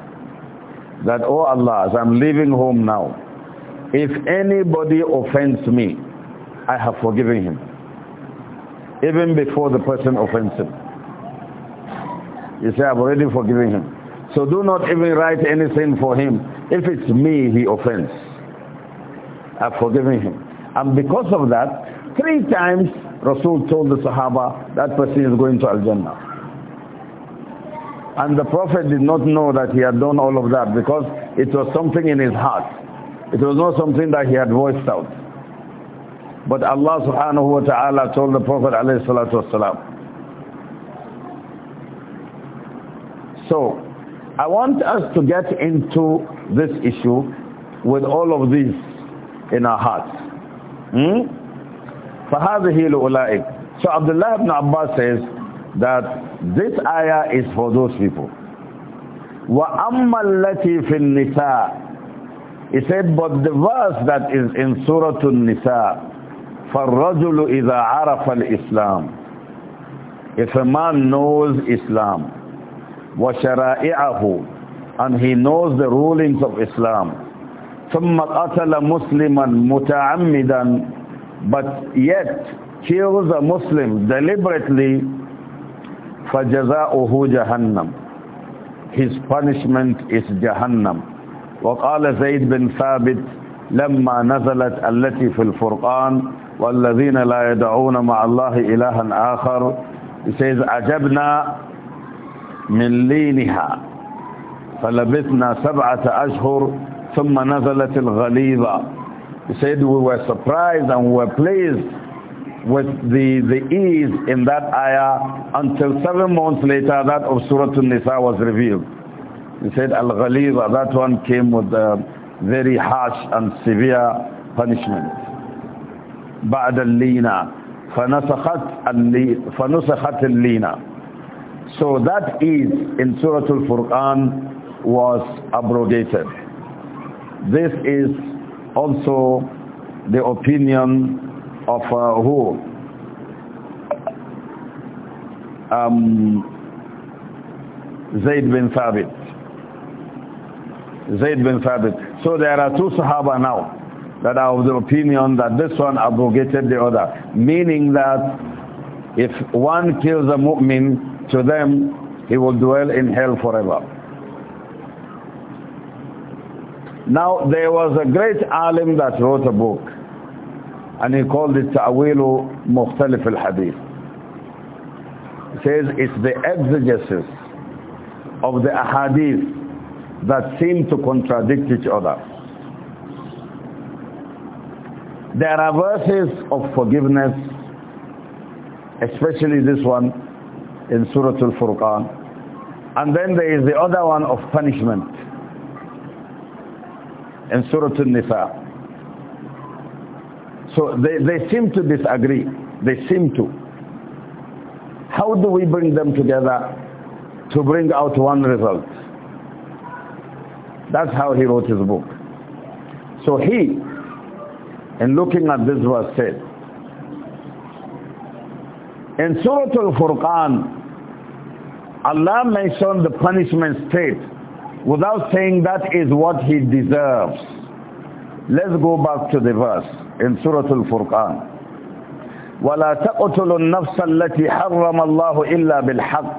that, Oh Allah, as I'm leaving home now, if anybody offends me, I have forgiven him. Even before the person offends him. You say, I've already forgiven him. So do not even write anything for him if it's me, he offends. I've forgiven him. And because of that, three times Rasul told the Sahaba, that person is going to Al-Jannah. And the Prophet did not know that he had done all of that because it was something in his heart. It was not something that he had voiced out. But Allah subhanahu wa ta'ala told the Prophet alayhi salatu wasalam. So, I want us to get into this issue with all of these in our hearts. Hmm? فَهَذِهِ So Abdullah ibn Abbas says that this ayah is for those people. وَأَمَّا الَّتِي فِي النِّسَاءِ He said, but the verse that is in Surah An-Nisa, فَالرَّجُلُ إِذَا عَرَفَ الْإِسْلَامِ If a man knows Islam, وشرائعه and he knows the rulings of Islam ثم قتل مسلما متعمدا but yet kills a Muslim deliberately فجزاؤه جهنم his punishment is جهنم وقال زيد بن ثابت لما نزلت التي في الفرقان والذين لا يدعون مع الله إلها آخر he says عجبنا من لينها فلبثنا سبعة أشهر ثم نزلت الغليظة he said we were surprised and we were pleased with the, the ease in that ayah until seven months later that of Surah nisa was revealed. He said Al-Ghaliza, that one came with a very harsh and severe punishment. بعد اللينة فنسخت اللينة so that is in Surah Al-Furqan was abrogated. This is also the opinion of uh, who? Um, bin Thabit. Zaid bin Thabit. So there are two Sahaba now that are of the opinion that this one abrogated the other. Meaning that if one kills a mu'min, to them he will dwell in hell forever. Now there was a great alim that wrote a book and he called it Ta'wilu Mukhtalif al-Hadith. He says it's the exegesis of the ahadith that seem to contradict each other. There are verses of forgiveness, especially this one, in Surah Al-Furqan. And then there is the other one of punishment in Surah Al-Nisa. So they, they seem to disagree. They seem to. How do we bring them together to bring out one result? That's how he wrote his book. So he, in looking at this verse, said, in Surah Al-Furqan, Allah mentioned the punishment state without saying that is what he deserves. Let's go back to the verse in Surah Al-Furqan. ولا تقتل النفس التي حرم الله إلا بالحق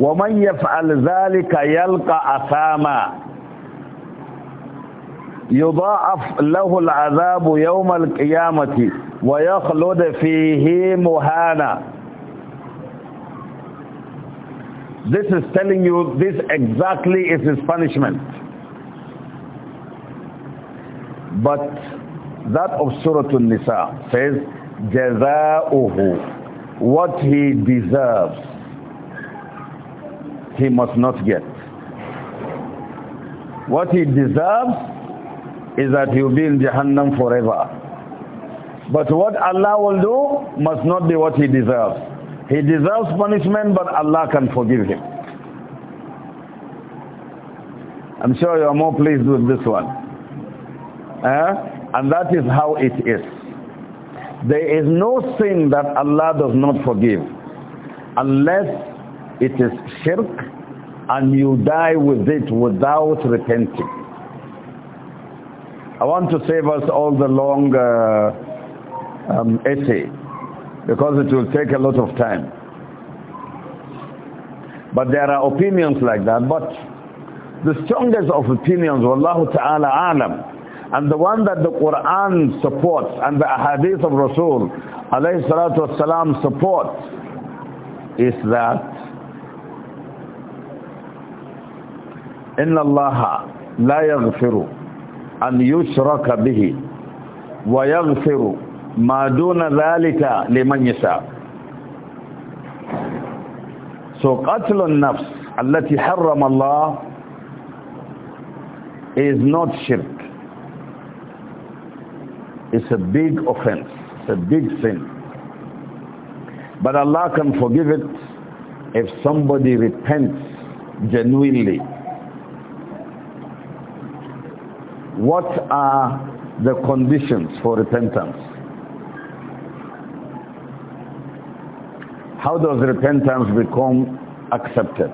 ومن يفعل ذلك يلقى أثاما يضاعف له العذاب يوم القيامة ويخلد فيه مهانا This is telling you this exactly is his punishment. But that of Surah An-Nisa says, جَزَاؤُهُ What he deserves, he must not get. What he deserves is that he will be in Jahannam forever. But what Allah will do must not be what he deserves. He deserves punishment, but Allah can forgive him. I'm sure you are more pleased with this one. Eh? And that is how it is. There is no sin that Allah does not forgive unless it is shirk and you die with it without repenting. I want to save us all the long uh, um, essay because it will take a lot of time. But there are opinions like that. But the strongest of opinions, Wallahu ta'ala alam, and the one that the Quran supports and the ahadith of Rasul alayhi salatu wasalam supports is that إن الله لا يغفر أن يشرك به ويغفر ma duna zalika liman yasha so qatl an-nafs allati harrama Allah is not shirk it's a big offense it's a big sin but Allah can forgive it if somebody repents genuinely what are the conditions for repentance How does repentance become accepted?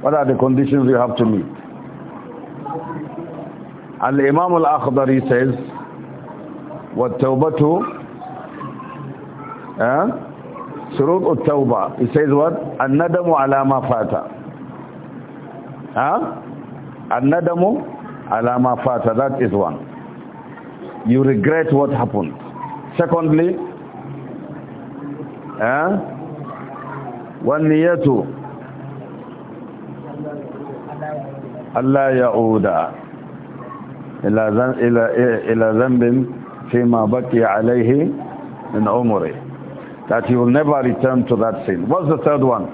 What are the conditions you have to meet? And imam Al-Akhdari says, وَالتَّوْبَةُ شروط التوبة he says what الندم على ما فات ها الندم على ما فات that is one you regret what happened secondly huh? Eh? والنية ألا يعود إلى ذنب فيما بقي عليه من عمره that he will never return to that sin. What's the third one?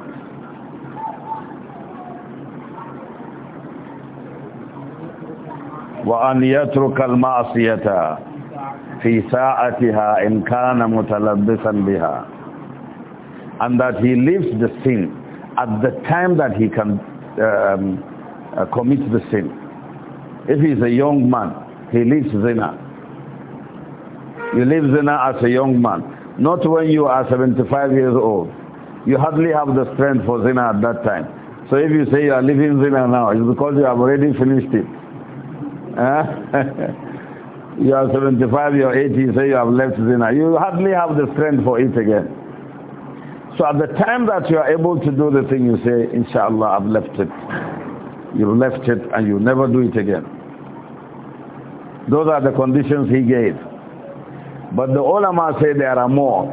وأن يترك المعصية في ساعتها إن كان متلبسا بها and that he leaves the sin at the time that he can um, uh, commit the sin. If he is a young man, he leaves zina. You leave zina as a young man, not when you are 75 years old. You hardly have the strength for zina at that time. So if you say you are leaving zina now, it's because you have already finished it. you are 75, you are 80, you say you have left zina. You hardly have the strength for it again. So at the time that you are able to do the thing, you say, Inshallah, I've left it. You left it and you never do it again. Those are the conditions he gave. But the ulama say there are more.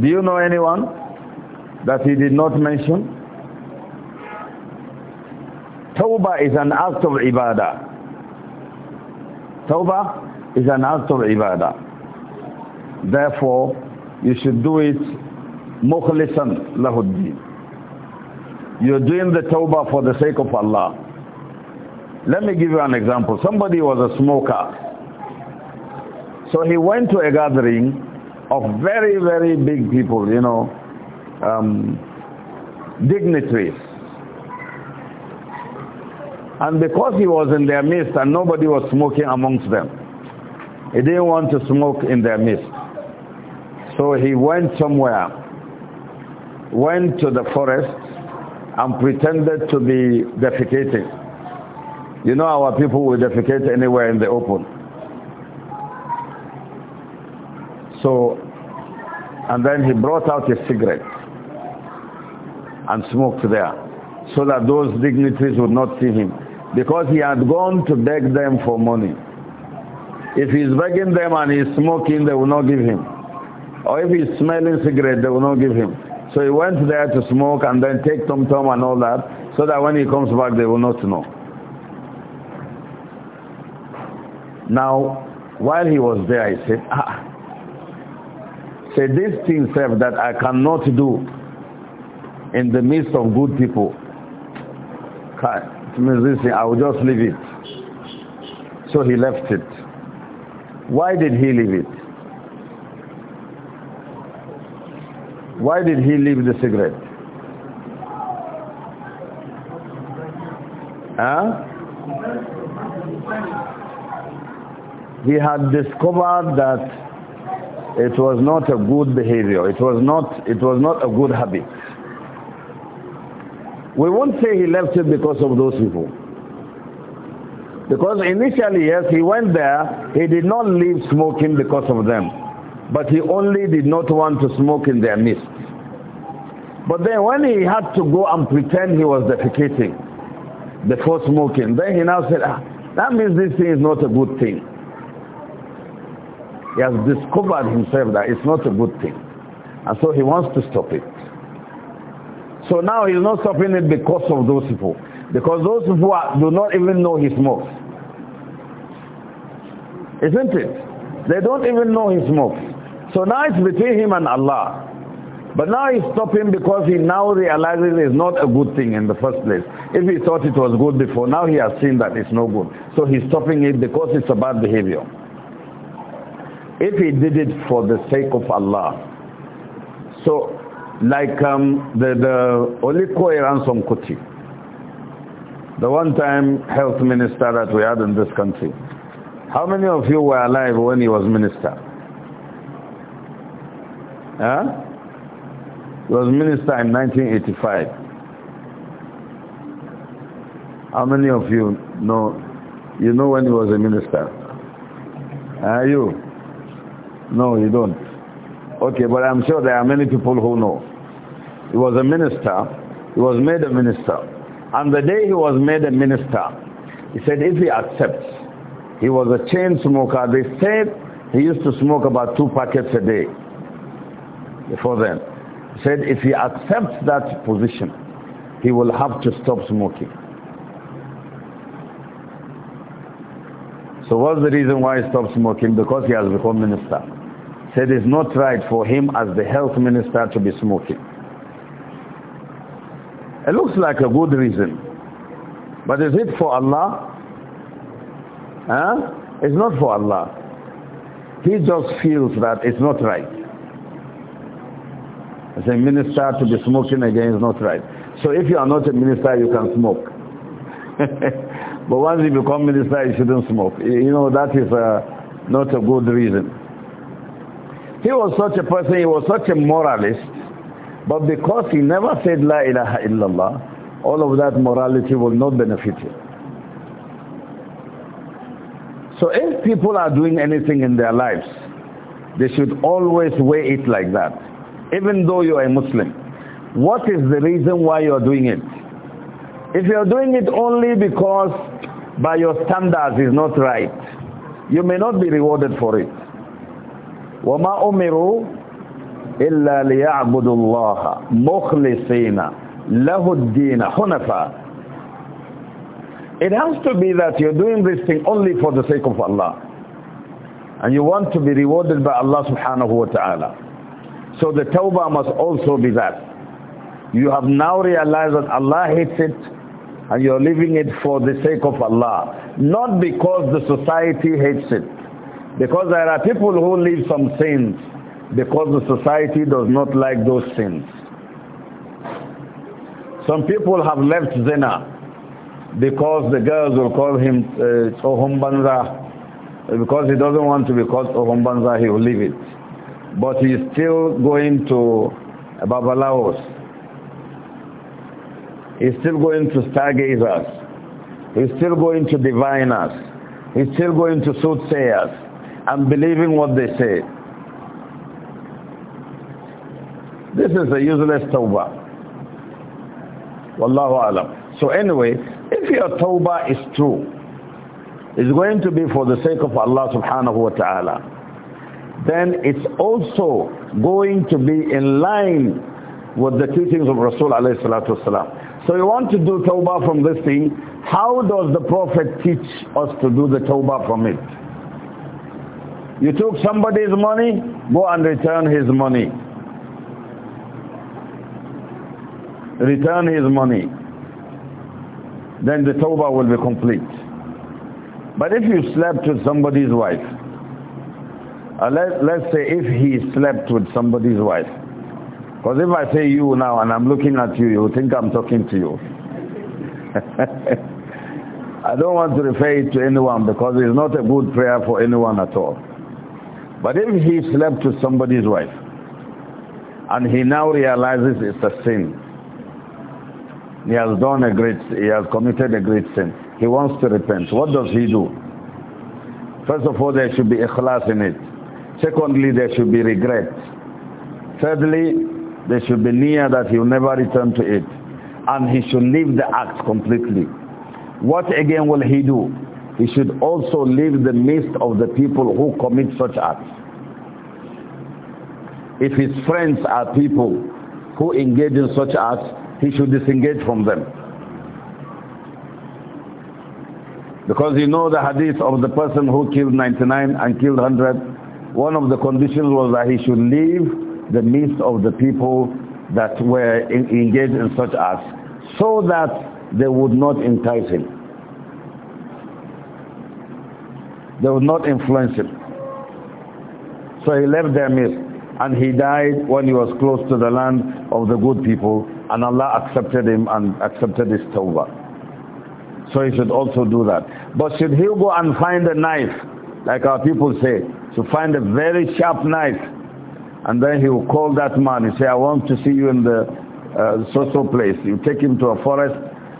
Do you know anyone that he did not mention? Tawbah is an act of ibadah. Tawbah is an act of ibadah. Therefore, you should do it mukhlisan lahuddin. You're doing the tawbah for the sake of Allah. Let me give you an example. Somebody was a smoker. So he went to a gathering of very, very big people, you know, um, dignitaries. And because he was in their midst and nobody was smoking amongst them, he didn't want to smoke in their midst. So he went somewhere, went to the forest and pretended to be defecating. You know our people will defecate anywhere in the open. So, and then he brought out a cigarette and smoked there so that those dignitaries would not see him because he had gone to beg them for money. If he's begging them and he's smoking, they will not give him. Or if he's smelling cigarette, they will not give him. So he went there to smoke and then take Tom Tom and all that, so that when he comes back, they will not know. Now, while he was there, he said, ah, say this thing self that I cannot do in the midst of good people. this, I will just leave it. So he left it. Why did he leave it? Why did he leave the cigarette? Huh? He had discovered that it was not a good behavior. It was not, it was not a good habit. We won't say he left it because of those people. Because initially, yes, he went there, he did not leave smoking because of them. But he only did not want to smoke in their midst. But then when he had to go and pretend he was defecating before smoking, then he now said, ah, that means this thing is not a good thing. He has discovered himself that it's not a good thing. And so he wants to stop it. So now he's not stopping it because of those people. Because those people are, do not even know he smokes. Isn't it? They don't even know he smokes. So now it's between him and Allah. But now he's stopping because he now realizes it's not a good thing in the first place. If he thought it was good before, now he has seen that it's no good. So he's stopping it because it's a bad behavior. If he did it for the sake of Allah. So like um, the, the Oliko Ransom Kuti, the one-time health minister that we had in this country. How many of you were alive when he was minister? Yeah, He was minister in 1985. How many of you know, you know when he was a minister? Are you? No, you don't. Okay, but I'm sure there are many people who know. He was a minister. He was made a minister. And the day he was made a minister, he said if he accepts, he was a chain smoker. They said he used to smoke about two packets a day before then, said if he accepts that position, he will have to stop smoking. So what's the reason why he stopped smoking? Because he has become minister. Said it's not right for him as the health minister to be smoking. It looks like a good reason. But is it for Allah? Huh? It's not for Allah. He just feels that it's not right. I a minister, to be smoking again is not right. So if you are not a minister, you can smoke. but once you become minister, you shouldn't smoke. You know, that is uh, not a good reason. He was such a person, he was such a moralist, but because he never said La ilaha illallah, all of that morality will not benefit him. So if people are doing anything in their lives, they should always weigh it like that even though you are a Muslim. What is the reason why you are doing it? If you are doing it only because by your standards is not right, you may not be rewarded for it. وَمَا أُمِرُوا إِلَّا لِيَعْبُدُوا اللَّهَ مُخْلِصِينَ لَهُ الدِّينَ حُنَفًا It has to be that you're doing this thing only for the sake of Allah. And you want to be rewarded by Allah subhanahu wa ta'ala. So the tawbah must also be that. You have now realized that Allah hates it and you're leaving it for the sake of Allah. Not because the society hates it. Because there are people who leave some sins because the society does not like those sins. Some people have left zina because the girls will call him uh, Because he doesn't want to be called Sohumbanza, he will leave it but he's still going to Babalaos. He's still going to stargaze us. He's still going to divine us. He's still going to soothsayers and believing what they say. This is a useless tawbah. Wallahu alam. So anyway, if your tawbah is true, it's going to be for the sake of Allah subhanahu wa ta'ala then it's also going to be in line with the teachings of Rasul alayhi salatu wasalam. So you want to do tawbah from this thing, how does the Prophet teach us to do the tawbah from it? You took somebody's money, go and return his money. Return his money. Then the tawbah will be complete. But if you slept with somebody's wife, uh, let, let's say if he slept with somebody's wife. Because if I say you now and I'm looking at you, you think I'm talking to you. I don't want to refer it to anyone because it's not a good prayer for anyone at all. But if he slept with somebody's wife and he now realizes it's a sin, he has done a great, he has committed a great sin. He wants to repent. What does he do? First of all, there should be ikhlas in it. Secondly, there should be regret. Thirdly, there should be near that he'll never return to it. And he should leave the act completely. What again will he do? He should also leave the midst of the people who commit such acts. If his friends are people who engage in such acts, he should disengage from them. Because you know the hadith of the person who killed 99 and killed 100 one of the conditions was that he should leave the midst of the people that were in, engaged in such acts so that they would not entice him. They would not influence him. So he left their midst and he died when he was close to the land of the good people and Allah accepted him and accepted his tawbah. So he should also do that. But should he go and find a knife, like our people say, to find a very sharp knife and then he will call that man and say, I want to see you in the uh, social place. You take him to a forest,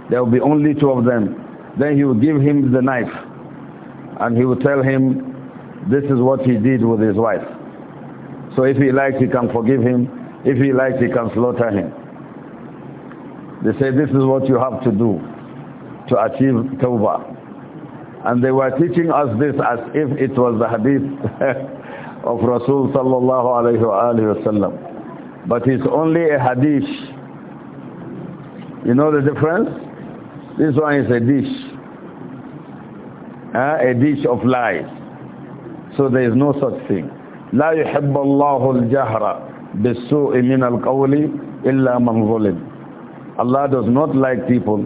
there will be only two of them. Then he will give him the knife and he will tell him, this is what he did with his wife. So if he likes, he can forgive him. If he likes, he can slaughter him. They say, this is what you have to do to achieve tawbah. And they were teaching us this as if it was the hadith of Rasul sallallahu alayhi But it's only a hadith. You know the difference? This one is a dish. Eh? A dish of lies. So there is no such thing. لا يحب الله الجهر بالسوء من القول إلا من ظلم Allah does not like people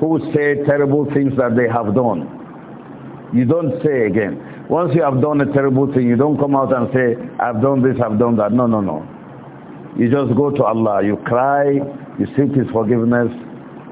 who say terrible things that they have done you don't say again. Once you have done a terrible thing, you don't come out and say, I've done this, I've done that. No, no, no. You just go to Allah. You cry, you seek His forgiveness,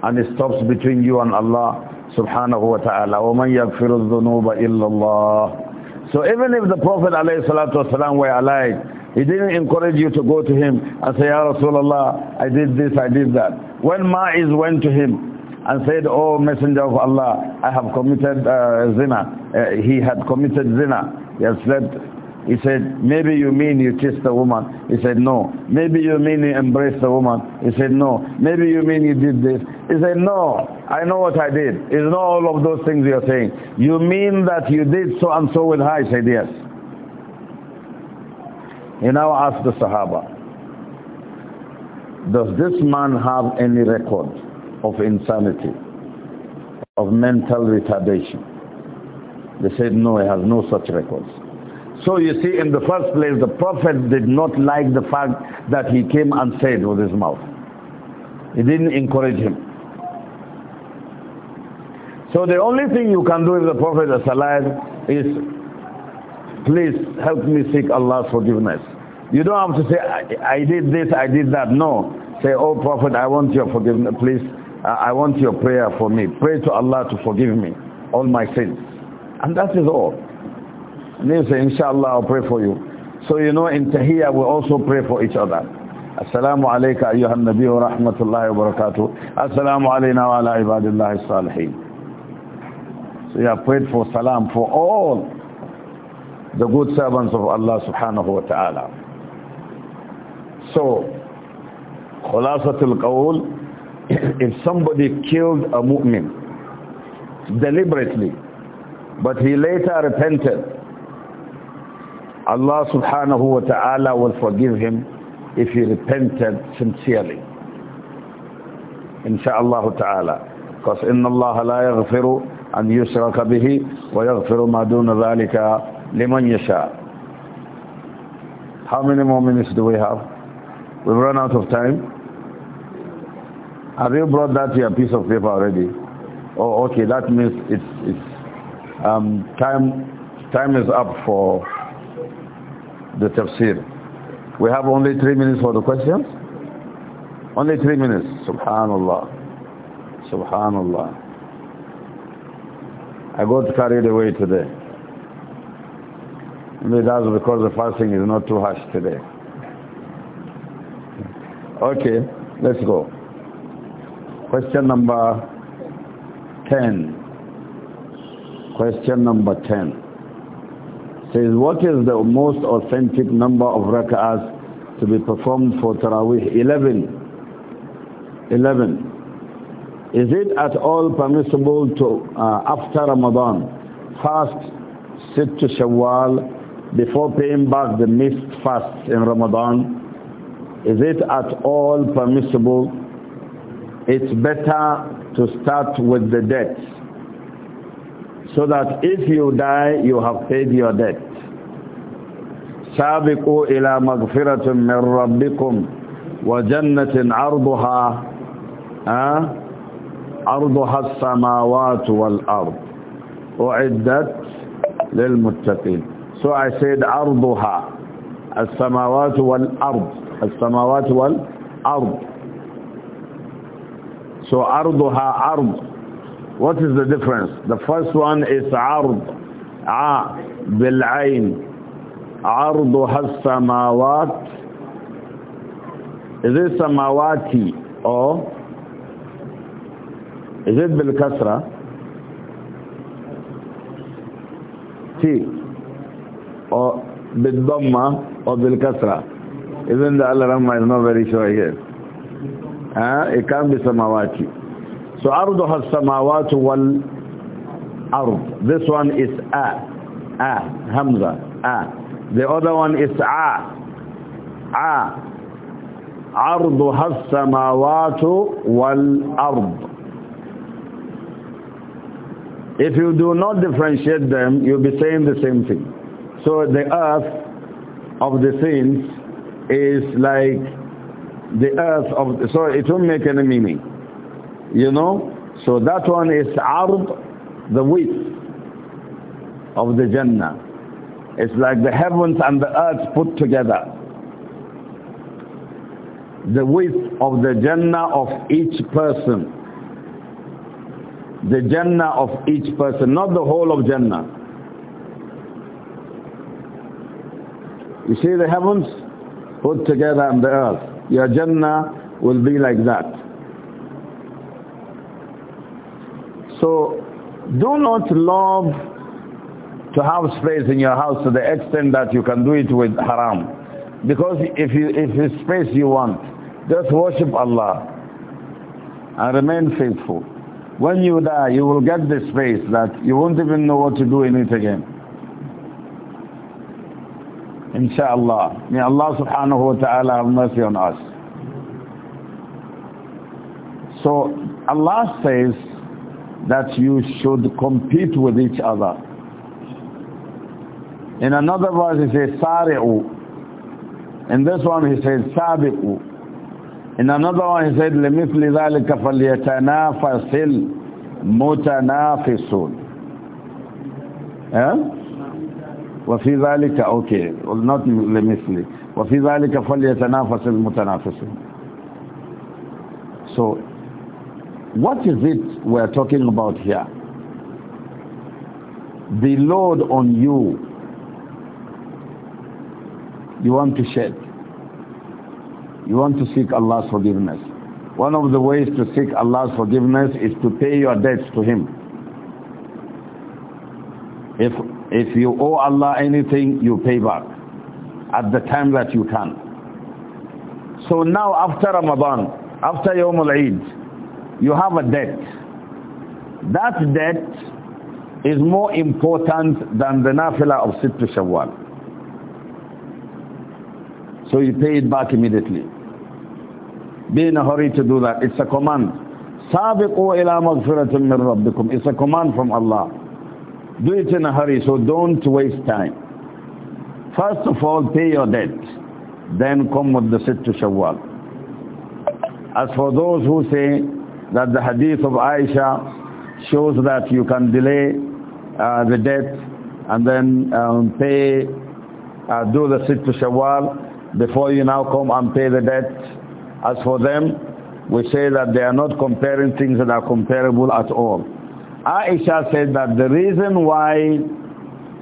and it stops between you and Allah subhanahu wa ta'ala. وَمَنْ يَغْفِرُ الذُّنُوبَ إِلَّا اللَّهِ So even if the Prophet alayhi salatu wasalam were alive, he didn't encourage you to go to him and say, Ya Rasulullah, I did this, I did that. When Ma'iz went to him, and said, Oh Messenger of Allah, I have committed uh, zina. Uh, he had committed zina. He had slept. He said, maybe you mean you kissed a woman. He said, no. Maybe you mean you embraced a woman. He said, no. Maybe you mean you did this. He said, no. I know what I did. It's not all of those things you're saying. You mean that you did so and so with her? He said, yes. He now asked the Sahaba, does this man have any record? of insanity, of mental retardation. They said, no, he has no such records. So you see, in the first place, the Prophet did not like the fact that he came and said with his mouth. He didn't encourage him. So the only thing you can do if the Prophet is alive is, please help me seek Allah's forgiveness. You don't have to say, I, I did this, I did that. No. Say, oh Prophet, I want your forgiveness. Please I want your prayer for me. Pray to Allah to forgive me all my sins. And that is all. And they say, inshallah, I'll pray for you. So you know, in Tahiyya, we also pray for each other. Assalamu alayka ayyuhan nabi wa rahmatullahi wa barakatuh. Assalamu alayna wa ala ibadillahi salihin. So you have prayed for salam for all the good servants of Allah subhanahu wa ta'ala. So, khulasatul qawl, if somebody killed a mu'min deliberately, but he later repented, Allah subhanahu wa ta'ala will forgive him if he repented sincerely. Insha'Allah ta'ala. Because inna Allah la yaghfiru an yushraka bihi wa yaghfiru ma duna dhalika liman yasha. How many more minutes do we have? We've run out of time. Have you brought that your piece of paper already? Oh, okay. That means it's it's um, time time is up for the tafsir. We have only three minutes for the questions. Only three minutes. Subhanallah. Subhanallah. I got carried away today. Maybe that's because the fasting is not too harsh today. Okay, let's go. Question number 10. Question number 10. Says, what is the most authentic number of rak'ahs to be performed for Taraweeh? 11. 11. Is it at all permissible to, uh, after Ramadan, fast, sit to Shawwal before paying back the missed fasts in Ramadan? Is it at all permissible it's better to start with the debt. So that if you die, you have paid your debt. سابقوا إلى مغفرة من ربكم وجنة عرضها عرضها السماوات والأرض أعدت للمتقين So I said عرضها السماوات والأرض السماوات والأرض so arduha ard. What is the difference? The first one is ard. A bil ain. Arduha samawat. Is it samawati or is it bil kasra? T or bil dhamma or bil kasra? Even the Allah is not very sure here. Uh, it can be samawati. So ardu has samawatu wal ard. This one is a. A. Hamza. A. The other one is a. A. Ardu has samawatu wal ard. If you do not differentiate them, you'll be saying the same thing. So the earth of the saints is like the earth of, sorry, so it won't make any meaning. You know? So that one is Arb, the width of the Jannah. It's like the heavens and the earth put together. The width of the Jannah of each person. The Jannah of each person, not the whole of Jannah. You see the heavens put together and the earth. Your Jannah will be like that. So do not love to have space in your house to the extent that you can do it with haram. Because if you if it's space you want, just worship Allah and remain faithful. When you die, you will get the space that you won't even know what to do in it again. Insha'Allah. May Allah subhanahu wa ta'ala have mercy on us. So Allah says that you should compete with each other. In another verse he says, Sari'u. In this one he says, Sabi'u. In another one he said, لِمِثْلِ ذَلِكَ فَلْيَتَنَافَسِ الْمُتَنَافِسُونَ. Yeah? وفي ذلك okay not لمثلي وفي ذلك فليتنافس المتنافسون so what is it we're talking about here the load on you you want to shed you want to seek Allah's forgiveness one of the ways to seek Allah's forgiveness is to pay your debts to him if if you owe Allah anything, you pay back at the time that you can. So now after Ramadan, after Yawm al-Eid, you have a debt. That debt is more important than the nafila of Sittu Shawwal. So you pay it back immediately. Be in a hurry to do that. It's a command. سابقوا إلى مغفرة من ربكم. It's a command from Allah. Do it in a hurry, so don't waste time. First of all, pay your debt. Then come with the sit to Shawwal. As for those who say that the hadith of Aisha shows that you can delay uh, the debt and then um, pay, uh, do the sit to Shawwal before you now come and pay the debt. As for them, we say that they are not comparing things that are comparable at all. Aisha said that the reason why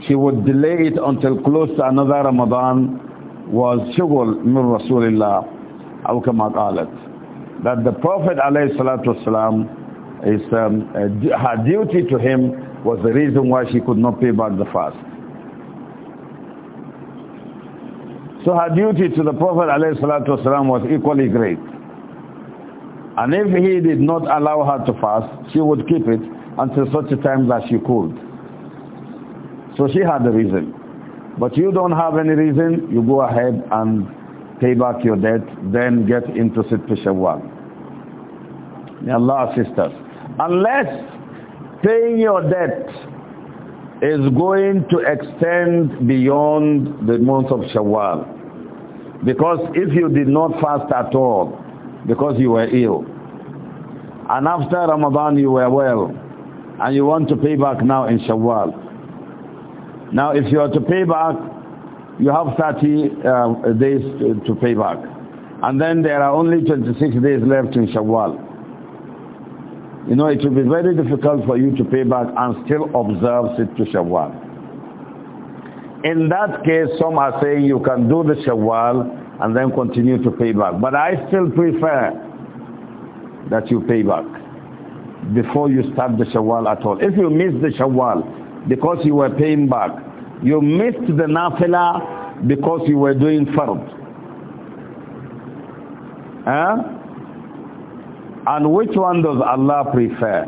she would delay it until close to another Ramadan was shugul min Rasulillah aw kama qalat that the prophet alayhi salatu wasalam is um, uh, her duty to him was the reason why she could not pay back the fast so her duty to the prophet alayhi salatu wasalam was equally great and if he did not allow her to fast she would keep it until such a time that she could. So she had a reason. But you don't have any reason, you go ahead and pay back your debt, then get into Sitta Shawwal. May Allah assist us. Unless paying your debt is going to extend beyond the month of Shawwal. Because if you did not fast at all, because you were ill, and after Ramadan you were well, and you want to pay back now in Shawwal. Now if you are to pay back, you have 30 uh, days to, to, pay back. And then there are only 26 days left in Shawwal. You know, it will be very difficult for you to pay back and still observe it to Shawwal. In that case, some are saying you can do the Shawwal and then continue to pay back. But I still prefer that you pay back before you start the Shawwal at all. If you miss the Shawwal because you were paying back, you missed the Nafila because you were doing Fard. Huh? And which one does Allah prefer?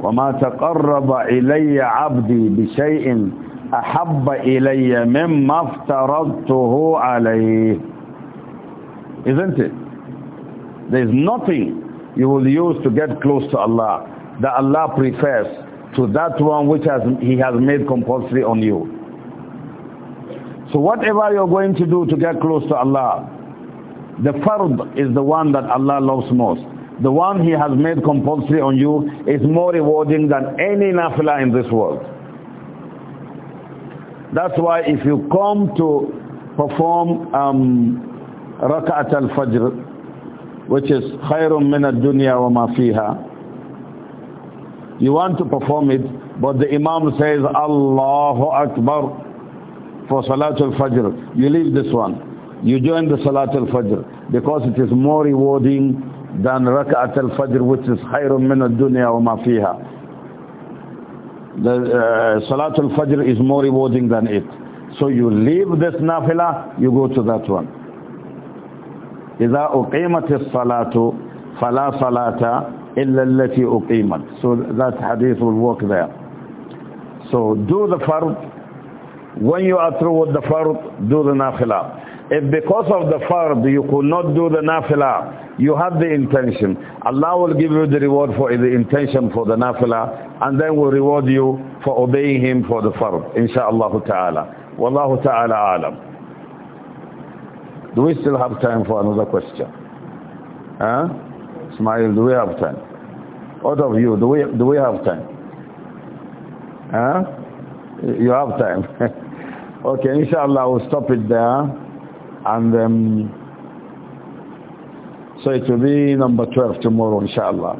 وَمَا تَقَرَّبَ إِلَيَّ عَبْدِي بِشَيْءٍ أَحَبَّ إِلَيَّ مِمَّا افْتَرَضْتُهُ عَلَيْهِ Isn't it? There is nothing you will use to get close to Allah that Allah prefers to that one which has, He has made compulsory on you. So whatever you're going to do to get close to Allah, the fard is the one that Allah loves most. The one He has made compulsory on you is more rewarding than any nafila in this world. That's why if you come to perform um, rak'at al-fajr, which is khairun min ad-dunya wa ma fiha. You want to perform it, but the Imam says Allahu Akbar for Salatul Fajr. You leave this one. You join the Salatul Fajr because it is more rewarding than Rak'at al-Fajr which is khairun min ad-dunya wa ma fiha. The uh, Salatul Fajr is more rewarding than it. So you leave this nafila, you go to that one. إذا أقيمت الصلاة فلا صلاة إلا التي أقيمت. So that hadith will work there. So do the fard. When you are through with the fard, do the nafilah. If because of the fard you could not do the nafilah, you have the intention. Allah will give you the reward for the intention for the nafilah and then will reward you for obeying him for the fard. Insha'Allah ta'ala. Wallahu ta'ala alam. Do we still have time for another question? Huh? Smile, do we have time? Out of you, do we, do we have time? Huh? You have time. okay, inshallah, we'll stop it there. And um, so it will be number 12 tomorrow, inshallah.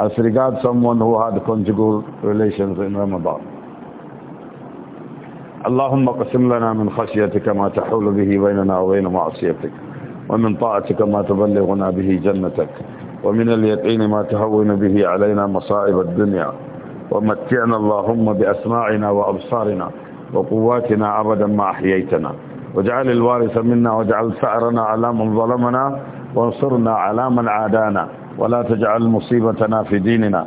As regards someone who had conjugal relations in Ramadan. اللهم اقسم لنا من خشيتك ما تحول به بيننا وبين معصيتك ومن طاعتك ما تبلغنا به جنتك ومن اليقين ما تهون به علينا مصائب الدنيا ومتعنا اللهم بأسماعنا وأبصارنا وقواتنا أبدا ما أحييتنا واجعل الوارث منا واجعل ثأرنا على من ظلمنا وانصرنا على من عادانا ولا تجعل مصيبتنا في ديننا